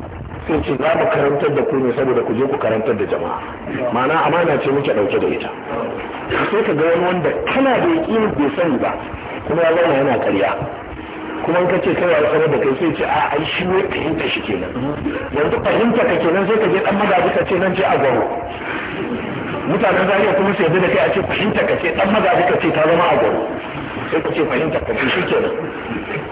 sai ce za mu karantar da ku ne saboda ku je ku karantar da jama'a ma'ana amana ce muke dauke da ita sai ka ga wani wanda kana da yakin bai sani ba kuma ya zama yana karya kuma in kace kai wasa da kai sai ce a ai shi ne fahimta shi kenan yanzu fahimta ka kenan sai ka je dan magaji ka ce nan je a gwaro mutanen zariya kuma su yanzu da kai a ce fahimta ka ce dan maza ka ce ta zama a gari sai ku ce fahimta ka ce shi nan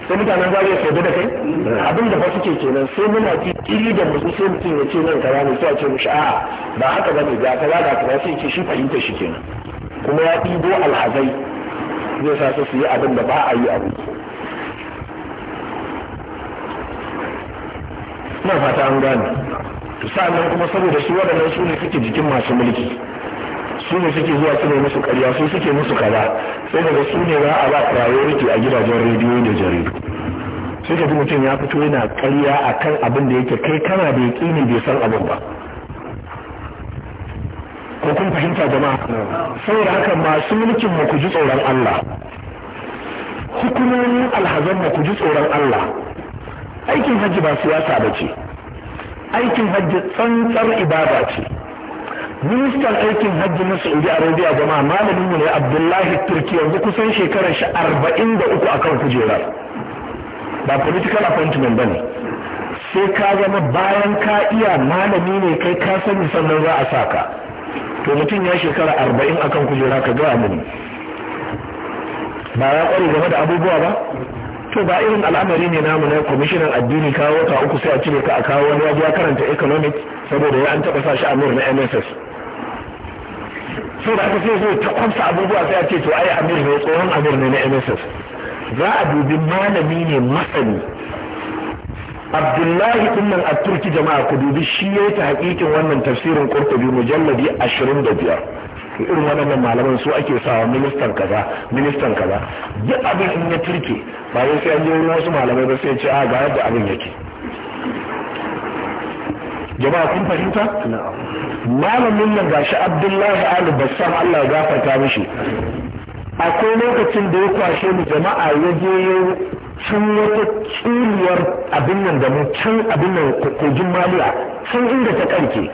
sai mutanen zariya su yanzu da kai abin da ba ke kenan sai muna kiri da musu sai mutum ya ce nan kaza ne sai a ce mushi a'a ba haka bane ga kaza ga kaza sai ke shi fahimta shi kenan kuma ya ɗibo alhazai zai sa su yi abin da ba a yi abu Ina fata an gane sa'an nan kuma saboda shi waɗannan su ne suke jikin masu mulki su ne suke zuwa suna musu karya su suke musu kaza sai daga su ne za a ba priority a gidajen rediyo da jaridu sai ka ji mutum ya fito yana karya a kan abin da yake kai kana da ne bai san abin ba ko kun fahimta jama'a saboda haka masu mulkin mu ku ji tsoron Allah hukumomin alhazan mu ku ji tsoron Allah aikin hajji ba siyasa ba ce aikin hajji tsantsar ibada ce ministan aikin hajji na saudi arabia jama'a malamin mu ne abdullahi turki yanzu kusan shekarar shi arba'in da uku akan kujera ba political appointment ba ne sai ka zama bayan ka iya malami ne kai ka sani sannan za a ka, to mutum ya shekara arba'in akan kujera ka gaya mini ba ya kware game da abubuwa ba to ba irin al'amari ne namu na kwamishinan addini kawo wata uku sai a cire ka a kawo wani ya karanta economic saboda ya an taɓa sa shi amur na mss sai da aka sai zai ta kwamsa abubuwa sai a ce to ai amir ne tsohon amir ne na mss za a dubi malami ne masani abdullahi dinnan a turki jama'a ku dubi shi ya ta hakikin wannan tafsirin qurtubi mujalladi 25 to irin waɗannan malaman su ake sawa ministan kaza ministan kaza duk abin in ya turke ba sai an je wasu malamai ba sai ce a ga yadda abin yake jama'a kun fahimta malamin nan gashi abdullahi ali bassam allah ya gafarta mishi akwai lokacin da ya kwashe mu jama'a ya je can wata kiriyar abin nan da mu can abin nan kogin maliya can inda ta karke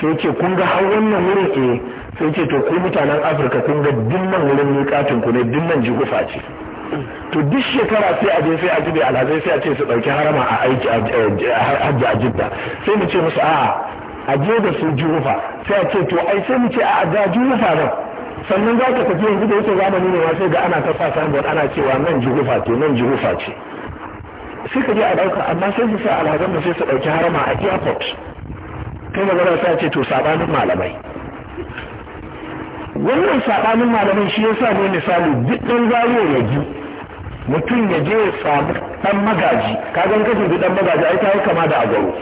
sai ce kun ga har wannan wurin ke eh. sai ce to ku mutanen afirka kun ga dinnan wurin katin ku ne dinnan jigufa ce to duk shekara sai a je sai a jibe alhazai sai a ce su ɗauki harama a aiki eh, hajji a jidda sai mu ce musu a a je da su jufa sai a ce to ai sai mu ce a ga jufa nan sannan za ka tafi yanzu da yake nuna ne sai ga ana ta sa sanbon ana cewa nan jufa to nan jufa ce sai ka je a ɗauka amma sai su sa alhazan mu sai su ɗauki harama a airport kai magana sai a ce to sabanin malamai wannan sabanin malamai shi yasa ne misali duk ɗan zariya ya ji mutum ya je ya samu dan magaji kagan ka da dan magaji ai ta yi kama da agwaro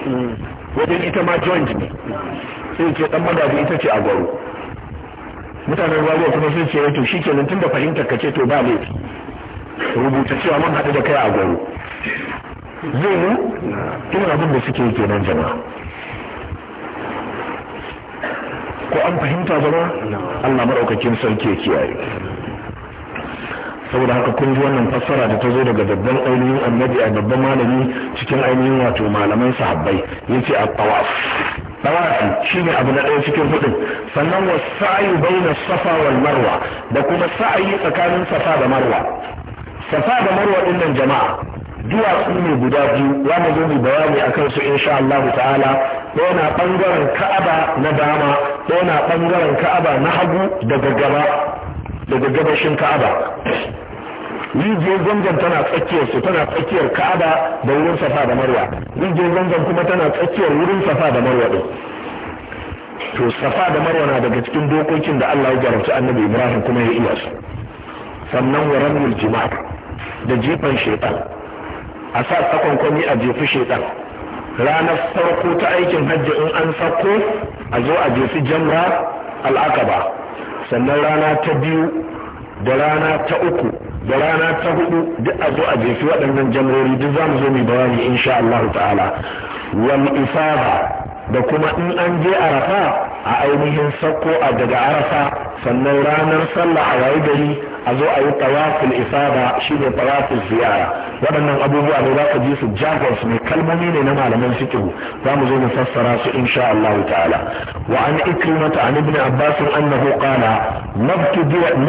wajen ita ma joint ne sai ce dan magaji ita ce agwaro mutanen ruwa kuma sai ce to shi tunda tun da fahimtar ka ce to ba laifi rubuta cewa mun haɗu da kai a zai mu ina abin da suke kenan jama'a ko an fahimta zama Allah maɗaukakin sarki ya kiyaye saboda haka kun ji wannan fassara da ta zo daga babban ainihin annabi a babban malami cikin ainihin wato malaman sahabbai yace a tawaf tawafi shine abu na ɗaya cikin hudun sannan wasa'i baina safa wal marwa da kuma sa'ayi tsakanin safa da marwa safa da marwa din nan jama'a duwatsu ne guda biyu za mu zo mu bayani akan su insha Allah ta'ala ɗaya na bangaren Ka'aba na dama ɗaya na bangaren Ka'aba na hagu daga gaba daga gabashin Ka'aba rijiyar zanzan tana tsakiyar su tana tsakiyar ka'aba da wurin safa da marwa rijiyar zanzan kuma tana tsakiyar wurin safa da marwa din to safa da marwa na daga cikin dokokin da Allah ya jarabta annabi Ibrahim kuma ya iya su sannan wa jima'a da jifan shaitan a sa kwami a jefi shaitan ranar farko ta aikin hajji in an sako a zo a jefi jamra al'akaba sannan rana ta biyu da rana ta uku da rana ta hudu duk a zo a jefi waɗannan jamrori duk za mu zo mu bayani insha Allah ta'ala wal isaba da kuma in an je arafa a ainihin sakko a daga arafa sannan ranar sallah a waye gari azo ayi a yi tawaful ifada shi ne tawaful ziyara wadannan abubuwa ne za ka ji su jagors ne kalmomi ne na malaman fikihu za mu zo mu fassara su insha Allah ta'ala wa an ikrimata an ibn abbas annahu qala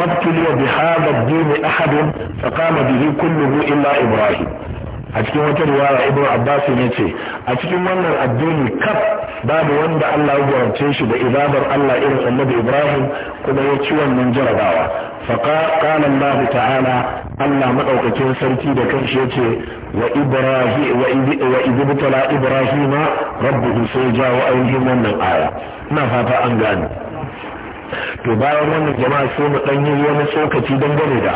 mabtuli bi hadha ad-din ahad fa qama bihi kulluhu illa ibrahim a cikin wata riwaya ibnu abbas ne ce a cikin wannan addini kaf babu wanda Allah ya shi da ibabar Allah irin annabi Ibrahim kuma ya ci wannan jarabawa fa qala Allah ta'ala Allah madaukakin sarki da kanshi yace wa ibrahim wa ibtala ibrahima rabbuhu sai jawo ainihin wannan aya ina fata an gane to bayan wannan jama'a sai mu ɗan yi wani tsokaci dangane da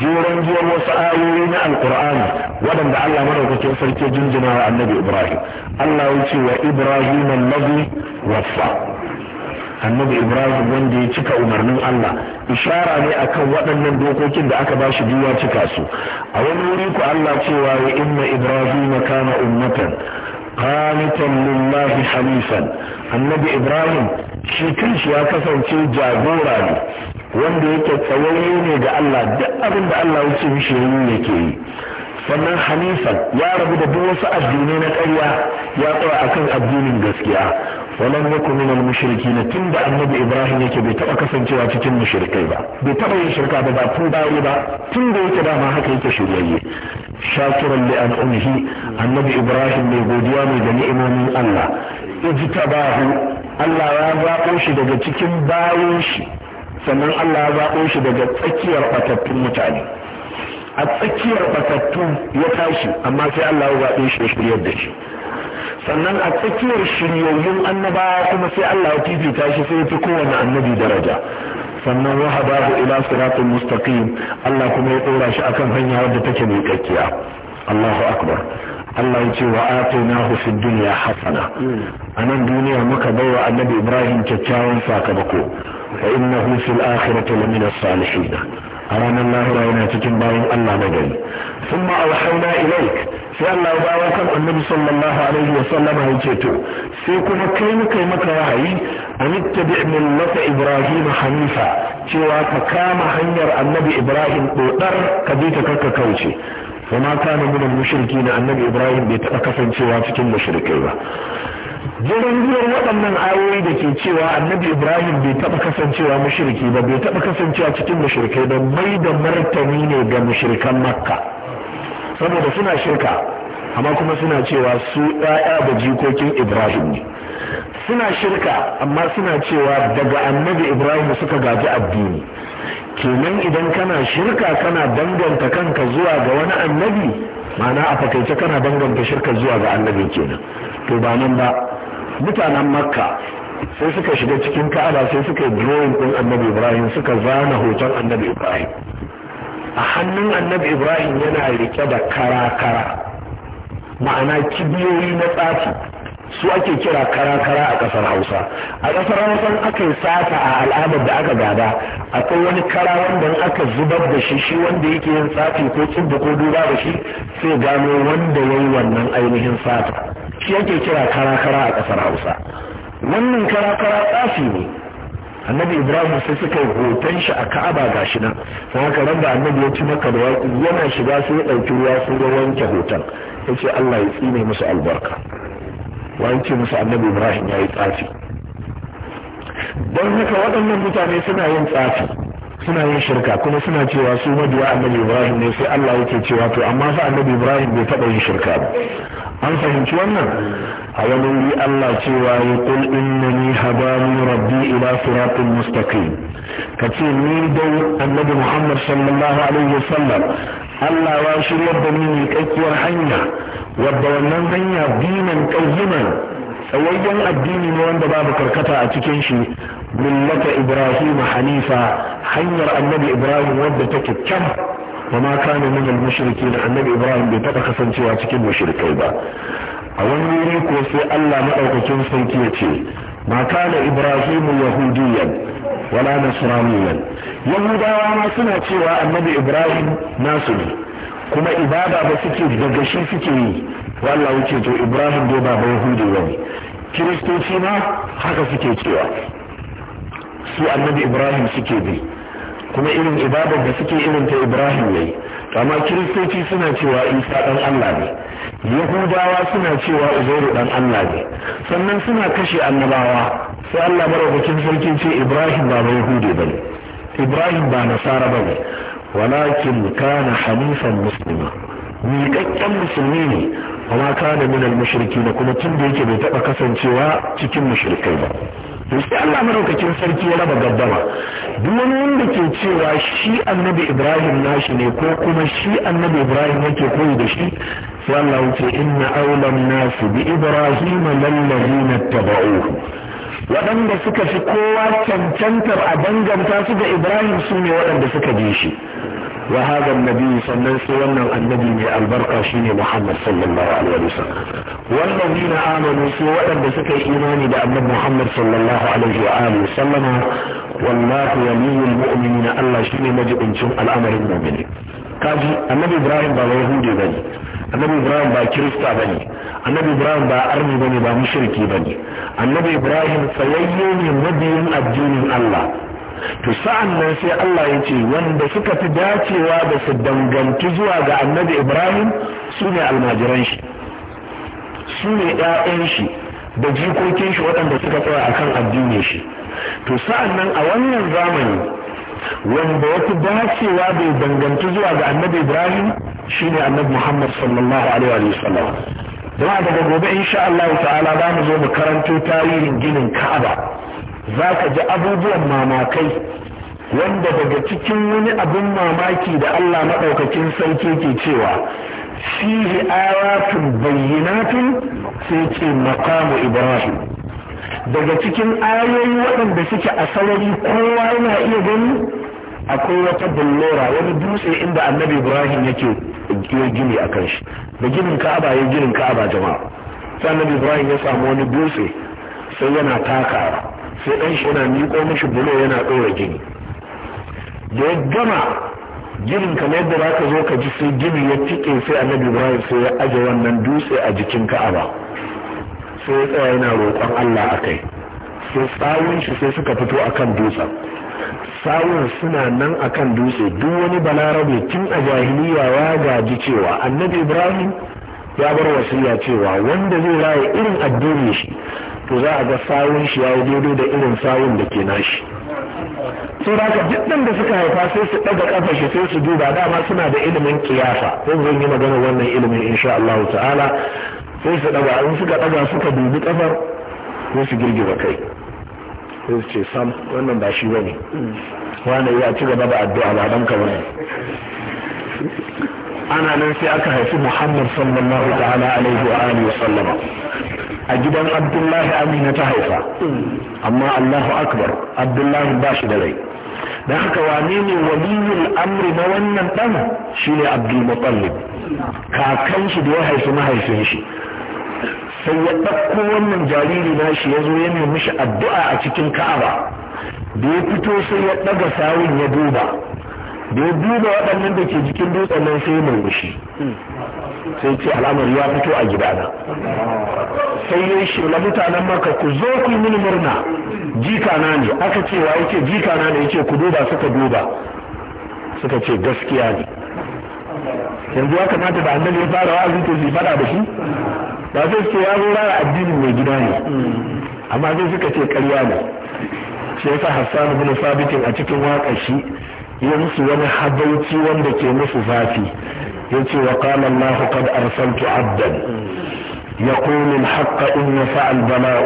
jeran giyar wasu ayoyi na alkur'ani waɗanda Allah madaukakin sarki jinjina wa annabi Ibrahim Allah ya ce wa Ibrahim allazi waffa annabi Ibrahim wanda ya cika umarnin Allah ishara ne akan waɗannan dokokin da aka ba shi biyu cika su a wani wuri ku Allah cewa wa inna Ibrahim kana ummatan qanitan lillahi hanifan annabi ibrahim shi kanshi ya kasance jagora ne wanda yake tsawaye ne ga Allah duk abin da Allah ya ce mishi yayi yake yi sannan hanifan ya rabu da duk wasu addinai na ƙarya ya tsaya akan addinin gaskiya walam yaku min al mushrikin tunda annabi ibrahim yake bai taba kasancewa cikin mushrikai ba bai taba yin shirka ba ba tun bayi ba tunda yake dama haka yake shiryayye shakiran li an umhi annabi ibrahim mai godiya ne da ni'imomin allah ijtabahu allah ya zabo shi daga cikin bayin shi sannan allah ya zabo shi daga tsakiyar batattun mutane a tsakiyar batattu ya tashi amma sai allah ya zaɓe shi ya shiryar da shi sannan a tsakiyar shiryoyin annabawa kuma sai Allah ya fifita shi sai ta kowane annabi daraja sannan wahadahu ila siratul mustaqim Allah kuma ya dora shi akan hanya wadda take mai kakkiya Allahu akbar Allah ya ce wa atainahu fid dunya hasana nan duniya muka baiwa annabi Ibrahim kyakkyawan sakamako wa innahu fil akhirati lamina salihin a ranar lahira yana cikin bayan Allah na gari sun ma alhaina ilaik sai Allah ya bawo kan annabi sallallahu alaihi wa sallama ya ce to sai kuma kai muka yi maka wahayi an ittabi millata ibrahim hanifa cewa ka kama hanyar annabi ibrahim dodar ka bi ta karka kauce kuma kana mun mushriki na annabi ibrahim bai taɓa kasancewa cikin mushrikai ba jirgin waɗannan ayoyi da ke cewa annabi ibrahim bai taɓa kasancewa mushriki ba bai taɓa kasancewa cikin mushrikai ba mai da martani ne ga mushirikan makka saboda suna shirka amma kuma suna cewa su ɗaya da jikokin ibrahim ne suna shirka amma suna cewa daga annabi ibrahim suka gaji addini kenan idan kana shirka kana danganta kanka zuwa ga wani annabi ma'ana a fakaice kana danganta shirka zuwa ga annabi kenan to ba nan ba mutanen makka sai suka shiga cikin ka'aba sai suka yi drawing ɗin annabi ibrahim suka zana hoton annabi ibrahim a hannun annabi ibrahim yana rike da karakara ma'ana kibiyoyi na tsafi su ake kira kara-kara a ƙasar hausa a ƙasar hausa aka yi sata a al'adar da aka gada akwai wani kara wanda aka zubar da shi shi wanda yake yin tsafi ko tsibba ko duba da shi sai gano wanda ya wannan ainihin sata shi yake kira kara-kara a ƙasar hausa wannan karakara tsafi ne annabi ibrahim sai suka yi hoton shi a ka'aba ga shi nan sai haka ran da annabi ya ci maka da yana shiga sai ya ɗauki ruwa sai ya wanke hoton ya ce allah ya tsine musu albarka wanke musu annabi ibrahim ya yi tsafi don haka waɗannan mutane suna yin tsafi suna yin shirka kuma suna cewa su mabiya annabi ibrahim ne sai allah yake cewa to amma fa annabi ibrahim bai taɓa yin shirka ba an fahimci wannan a wani wuri allah cewa ya kul innani hadani rabbi ila siratin mustaqim ka ce ni dai annabi muhammad sallallahu alaihi wasallam allah ya shiryar da ni kakkiyar hanya wadda wannan hanya dinan qayyiman tsawayyen addini ne wanda babu karkata a cikin shi millata ibrahim hanifa hanyar annabi ibrahim wadda take kyan wa ma kana min al annabi ibrahim bai taba kasancewa cikin mushrikai ba a wani wuri ko sai Allah madaukakin sarki ya ce ma kana ibrahimu yahudiyan wala nasraniyan yahudawa ma suna cewa annabi ibrahim nasu ne kuma ibada ba suke daga shi suke yi wallah wuce to ibrahim dai ba yahudi bane kiristoci ma haka suke cewa su annabi ibrahim suke bi kuma irin ibadar da suke irin ta ibrahim yayi to amma kiristoci suna cewa isa dan allah ne yahudawa suna cewa uzairu dan allah ne sannan suna kashe annabawa sai allah maraukakin sarki ce ibrahim ba yahudi hude ba ne ibrahim ba nasara ba ne walakin kana hanifan muslima miƙaƙƙen musulmi ne amma kana minal mushriki na kuma tun da yake bai taɓa kasancewa cikin mushrikai ba to sai Allah maraukakin sarki ya raba gaddama duk wani wanda ke cewa shi annabi Ibrahim nashi ne ko kuma shi annabi Ibrahim yake koyi da shi sai Allah ya ce inna awlan nasu bi Ibrahim lallazina tabauhu waɗanda suka fi kowa cancantar a danganta su ga ibrahim su ne waɗanda suka bi shi wa hada sannan sai wannan annabi mai albarka shine muhammad sallallahu alaihi wasallam wallazina amanu su waɗanda suka yi imani da annabi muhammad sallallahu alaihi wa alihi wasallam wallahu waliyul mu'minina allah shine majibincin al'amarin mu'mini kaji annabi ibrahim ba yahudi bane annabi ibrahim ba kirista bane annabi ibrahim ba arni bane ba mushriki ne. annabi ibrahim tsayayye ne mabiyin addinin allah to sa'an nan sai allah ya ce wanda suka fi dacewa da su dangantu zuwa ga annabi ibrahim su ne almajiran shi su ne 'ya'yan shi da jikokin shi waɗanda suka tsaya akan addinin shi to sa'an nan a wannan zamani wanda ya fi dacewa bai dangantu zuwa ga annabi ibrahim shine annabi muhammad sallallahu alaihi wa sallam da daga gobe insha Allah ta'ala za mu zo mu karanto tarihin ginin Ka'aba za ka ji abubuwan mamakai wanda daga cikin wani abin mamaki da Allah maɗaukakin sarki ke cewa fihi ayatun bayyinatun sai ce maqamu Ibrahim daga cikin ayoyi waɗanda suke a sarari kowa yana iya gani akwai wata bullora wani dutse inda annabi ibrahim yake gini a kan shi da ginin ka'aba ya ginin ka'aba jama'a sai annabi ibrahim ya samu wani dutse sai yana takawa sai dan shi yana miƙo mishi bulo yana ɗora gini da ya gama ginin kamar yadda za ka zo ka ji sai gini ya tike sai annabi ibrahim sai ya aje wannan dutse a jikin ka'aba sai ya tsaya yana roƙon allah a kai sai tsawon shi sai suka fito akan dutsen sawun suna nan akan dutse duk wani balarabe tun a jahiliya ya gaji cewa annabi ibrahim ya bar wasiya cewa wanda zai raye irin addini shi to za a ga sawun shi ya daidai da irin sawun da ke nashi sai da duk da suka haifa sai su ɗaga ƙafa shi sai su duba dama suna da ilimin kiyafa Ko zan yi magana wannan ilimin insha Allah ta'ala sai su ɗaga in suka ɗaga suka dubi ƙafar sai su girgiza kai sai su ce sam wannan ba shi bane wani ya ci gaba da addu'a ba dan ka bane ana nan sai aka haifi Muhammad sallallahu ta'ala alaihi wa alihi sallama a gidan Abdullahi Amina ta haifa amma Allahu akbar Abdullahi ba shi da rai dan haka wane ne waliyul amri na wannan dan shine Abdul Muttalib kakan shi da ya haifi mahaifin shi sai ya ɗauko wannan jariri nashi ya zo ya mishi addu'a a cikin ka'aba da ya fito sai ya ɗaga sawun ya duba da ya duba waɗannan da ke jikin dutsen nan sai murmushi sai ce al'amari ya fito a gidana sai ya la mutanen maka ku zo ku yi mini murna jika na ne aka ce wa yake jika na ne yake ku duba suka duba suka ce gaskiya ne yanzu ya kamata da annabi ya fara wa'azi to su fada da shi da sai suke ya zo rara addinin mai gida ne amma sai suka ce karya ne shi yasa hassan ibn sabitin a cikin waƙar shi ya musu wani habauci wanda ke musu zafi ya ce wa qala allah qad arsaltu abdan يقول الحق إن فعل بلاء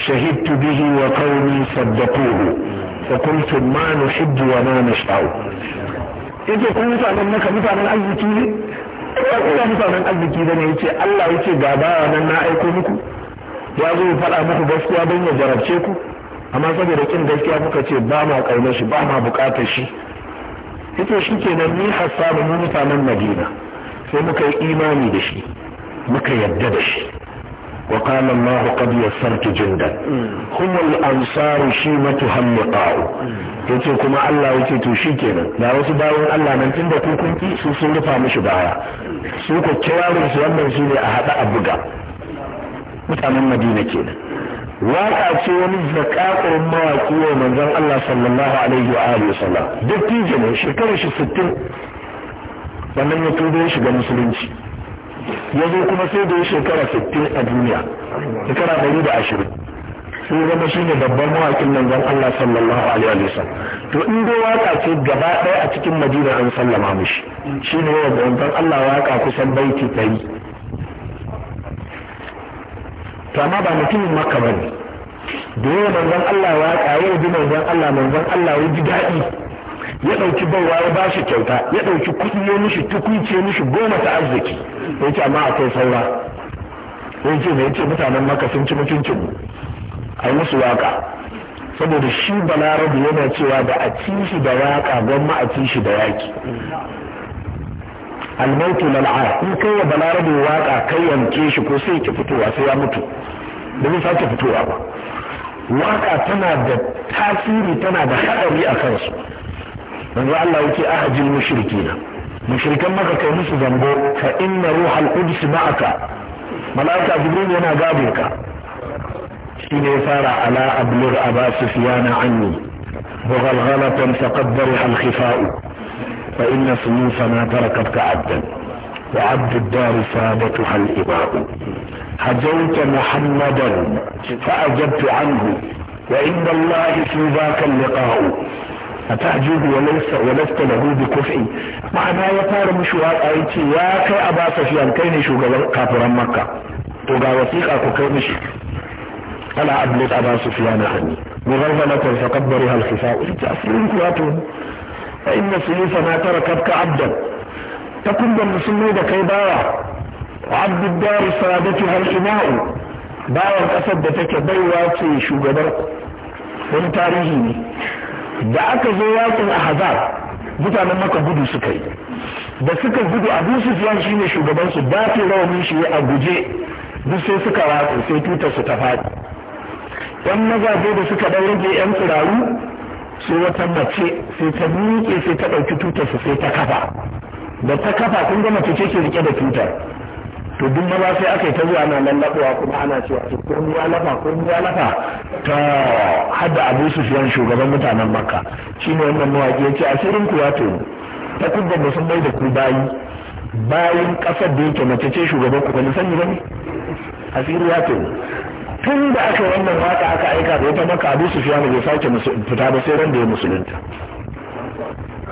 شهدت به وقومي صدقوه فقلت ما نحب وما نشاء إذا كنت على أنك مثلا أي كيلو ba ku ba mutanen arziki bane yace Allah yace ga bawa nan na aiko muku ya zo ya faɗa muku gaskiya don ya jarabce ku amma saboda kin gaskiya kuka ce ba ma kaunar shi ba ma bukatar shi yace shi kenan ni hassanu mu mutanen Madina sai muka yi imani da shi muka yadda da shi وقال الله قد يسرت جندا هم الأنصار شيمة هم yace kuma Allah yace to shi kenan Na wasu bayan Allah nan tunda ku kun ki su sun rufa mishi baya su ko kirarin su wannan a haɗa a buga mutanen Madina kenan waka ce wani zakakun mawaki wa manzon Allah sallallahu alaihi wa alihi wasallam duk tijin shekarar shi 60 wannan ya tudo shi ga musulunci ya zo kuma sai da ya shekara 60 a duniya shekara 120 sai zama shi ne babban nan zan Allah sallallahu alaihi wa sallam to in dai waka ce gaba ɗaya a cikin madina an sallama mishi shi ne yau da wanzan Allah waka kusan baiti ta to amma ba mutumin makka ba ne da yawan manzon Allah waka yau ji manzon Allah manzon Allah ya ji daɗi ya ɗauki bauwa ya ba shi kyauta ya ɗauki kuɗi ya mishi tukunce mishi goma ta arziki ya ce amma akwai saura ya ce da ya ce mutanen maka sun ci mutuncin mu a yi musu waka saboda shi balarabu yana cewa da a ci shi da waka gwamma a ci shi da yaki almautu lal'a in kai wa balarabu waka kai yanke shi ko sai ki fitowa sai ya mutu da zai sake fitowa ba waka tana da tasiri tana da haɗari a kansu من الله يكي احد المشركين مشركا ما كي نسو زنبو فإن روح القدس معك ملائكة جبريل ينا قابلك سين يسارع على أبلغ أبا سفيان عني وغلغلة فقد برح الخفاء فإن صنوفنا تركت عبدا وعبد الدار سادتها الإباء هجوت محمدا فأجبت عنه وإن الله في ذاك اللقاء اتعجب وليس ولست له بكفئي معنا يطار مشوار ايتي يا كي ابا سفيان كيني شو قبل كافر مكة تو قا وثيق اكو كيني شو انا ابلغ ابا سفيان عني مغلظلة فقبرها الخفاء انت اسلم كواتون فان سليفة ما تركتك عبدا تكن بل نسمي كي باوة وعبد الدار سادتها الاماء باوة اسدتك بيواتي شو قبل من تاريخيني da aka zo yakin ahzab mutanen maka gudu suka yi da suka gudu abu shi shine shugaban su rawa rawanin shi a guje duk sai suka watsa sai tutar su ta faɗi yan mazaje da suka dan rage yan turaru sai wata mace sai ta miƙe sai ta ɗauki tutar su sai ta kafa da ta kafa kun ga mace ce ke rike da tutar to duk maza sai aka yi ta zuwa na lallabawa kuma ana cewa to ko ya lafa ko ya lafa ta hadda abu sufiyan shugaban mutanen makka ne wannan mawaƙi ya ce asirin kuwa to ta kudin da sun bai da ku bayi bayan kasar da yake mace ce shugaban ku yi ba bane asiri ya to tun da aka wannan waka aka aika da wata maka abu sufiyan bai sake fita ba sai ran da ya musulunta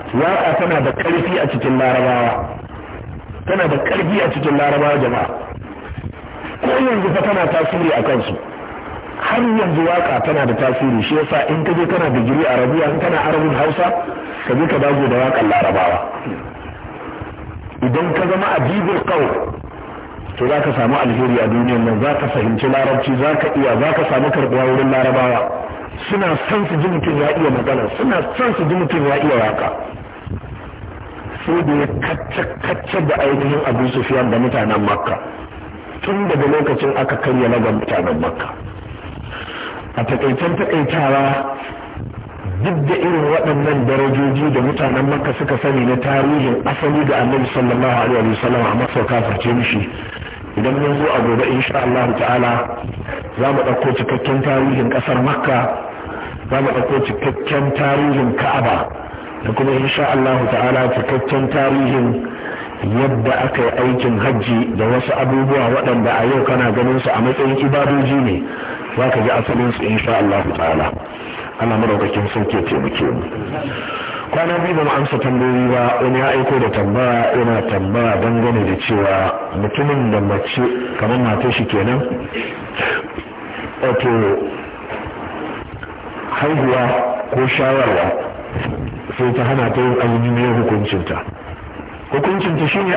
Waƙa tana da ƙarfi a cikin larabawa tana da ƙarfi a cikin larabawa jama'a ko yanzu fa tana tasiri a kansu har yanzu waka tana da tasiri shi yasa in ka je kana digiri rabuwa in kana arabin hausa ka je ka dago da wakan larabawa idan ka zama adibul qawl to za ka samu alheri a duniyan nan za ka fahimci larabci za ka iya za ka samu karɓuwa wurin larabawa suna son su ji mutum ya iya magana suna son su ji mutum ya iya waka sai da ya kacce da ainihin abu sufiyan da mutanen makka tun daga lokacin aka karya ga mutanen makka a takaitan takaitawa duk da irin waɗannan darajoji da mutanen makka suka sani na tarihin asali da annabi sallallahu alaihi sallam a masauka farce mishi idan mun zo a gobe insha Allah ta'ala za mu ɗauko cikakken tarihin ƙasar makka za mu ɗauko cikakken tarihin ka'aba da kuma insha Allah ta'ala cikakken tarihin yadda aka yi aikin hajji da wasu abubuwa waɗanda a yau kana ganin su a matsayin ibadoji ne za ka ji asalin su insha Allah ta'ala ana madaukakin sun ke taimake mu kwana biyu ba mu amsa tambayoyi ba wani ya aiko da tambaya yana tambaya dangane da cewa mutumin da mace kamar mata shi kenan wato haihuwa ko shawarwa sai ta hana ta yin azumi ne hukuncinta hukuncinta shine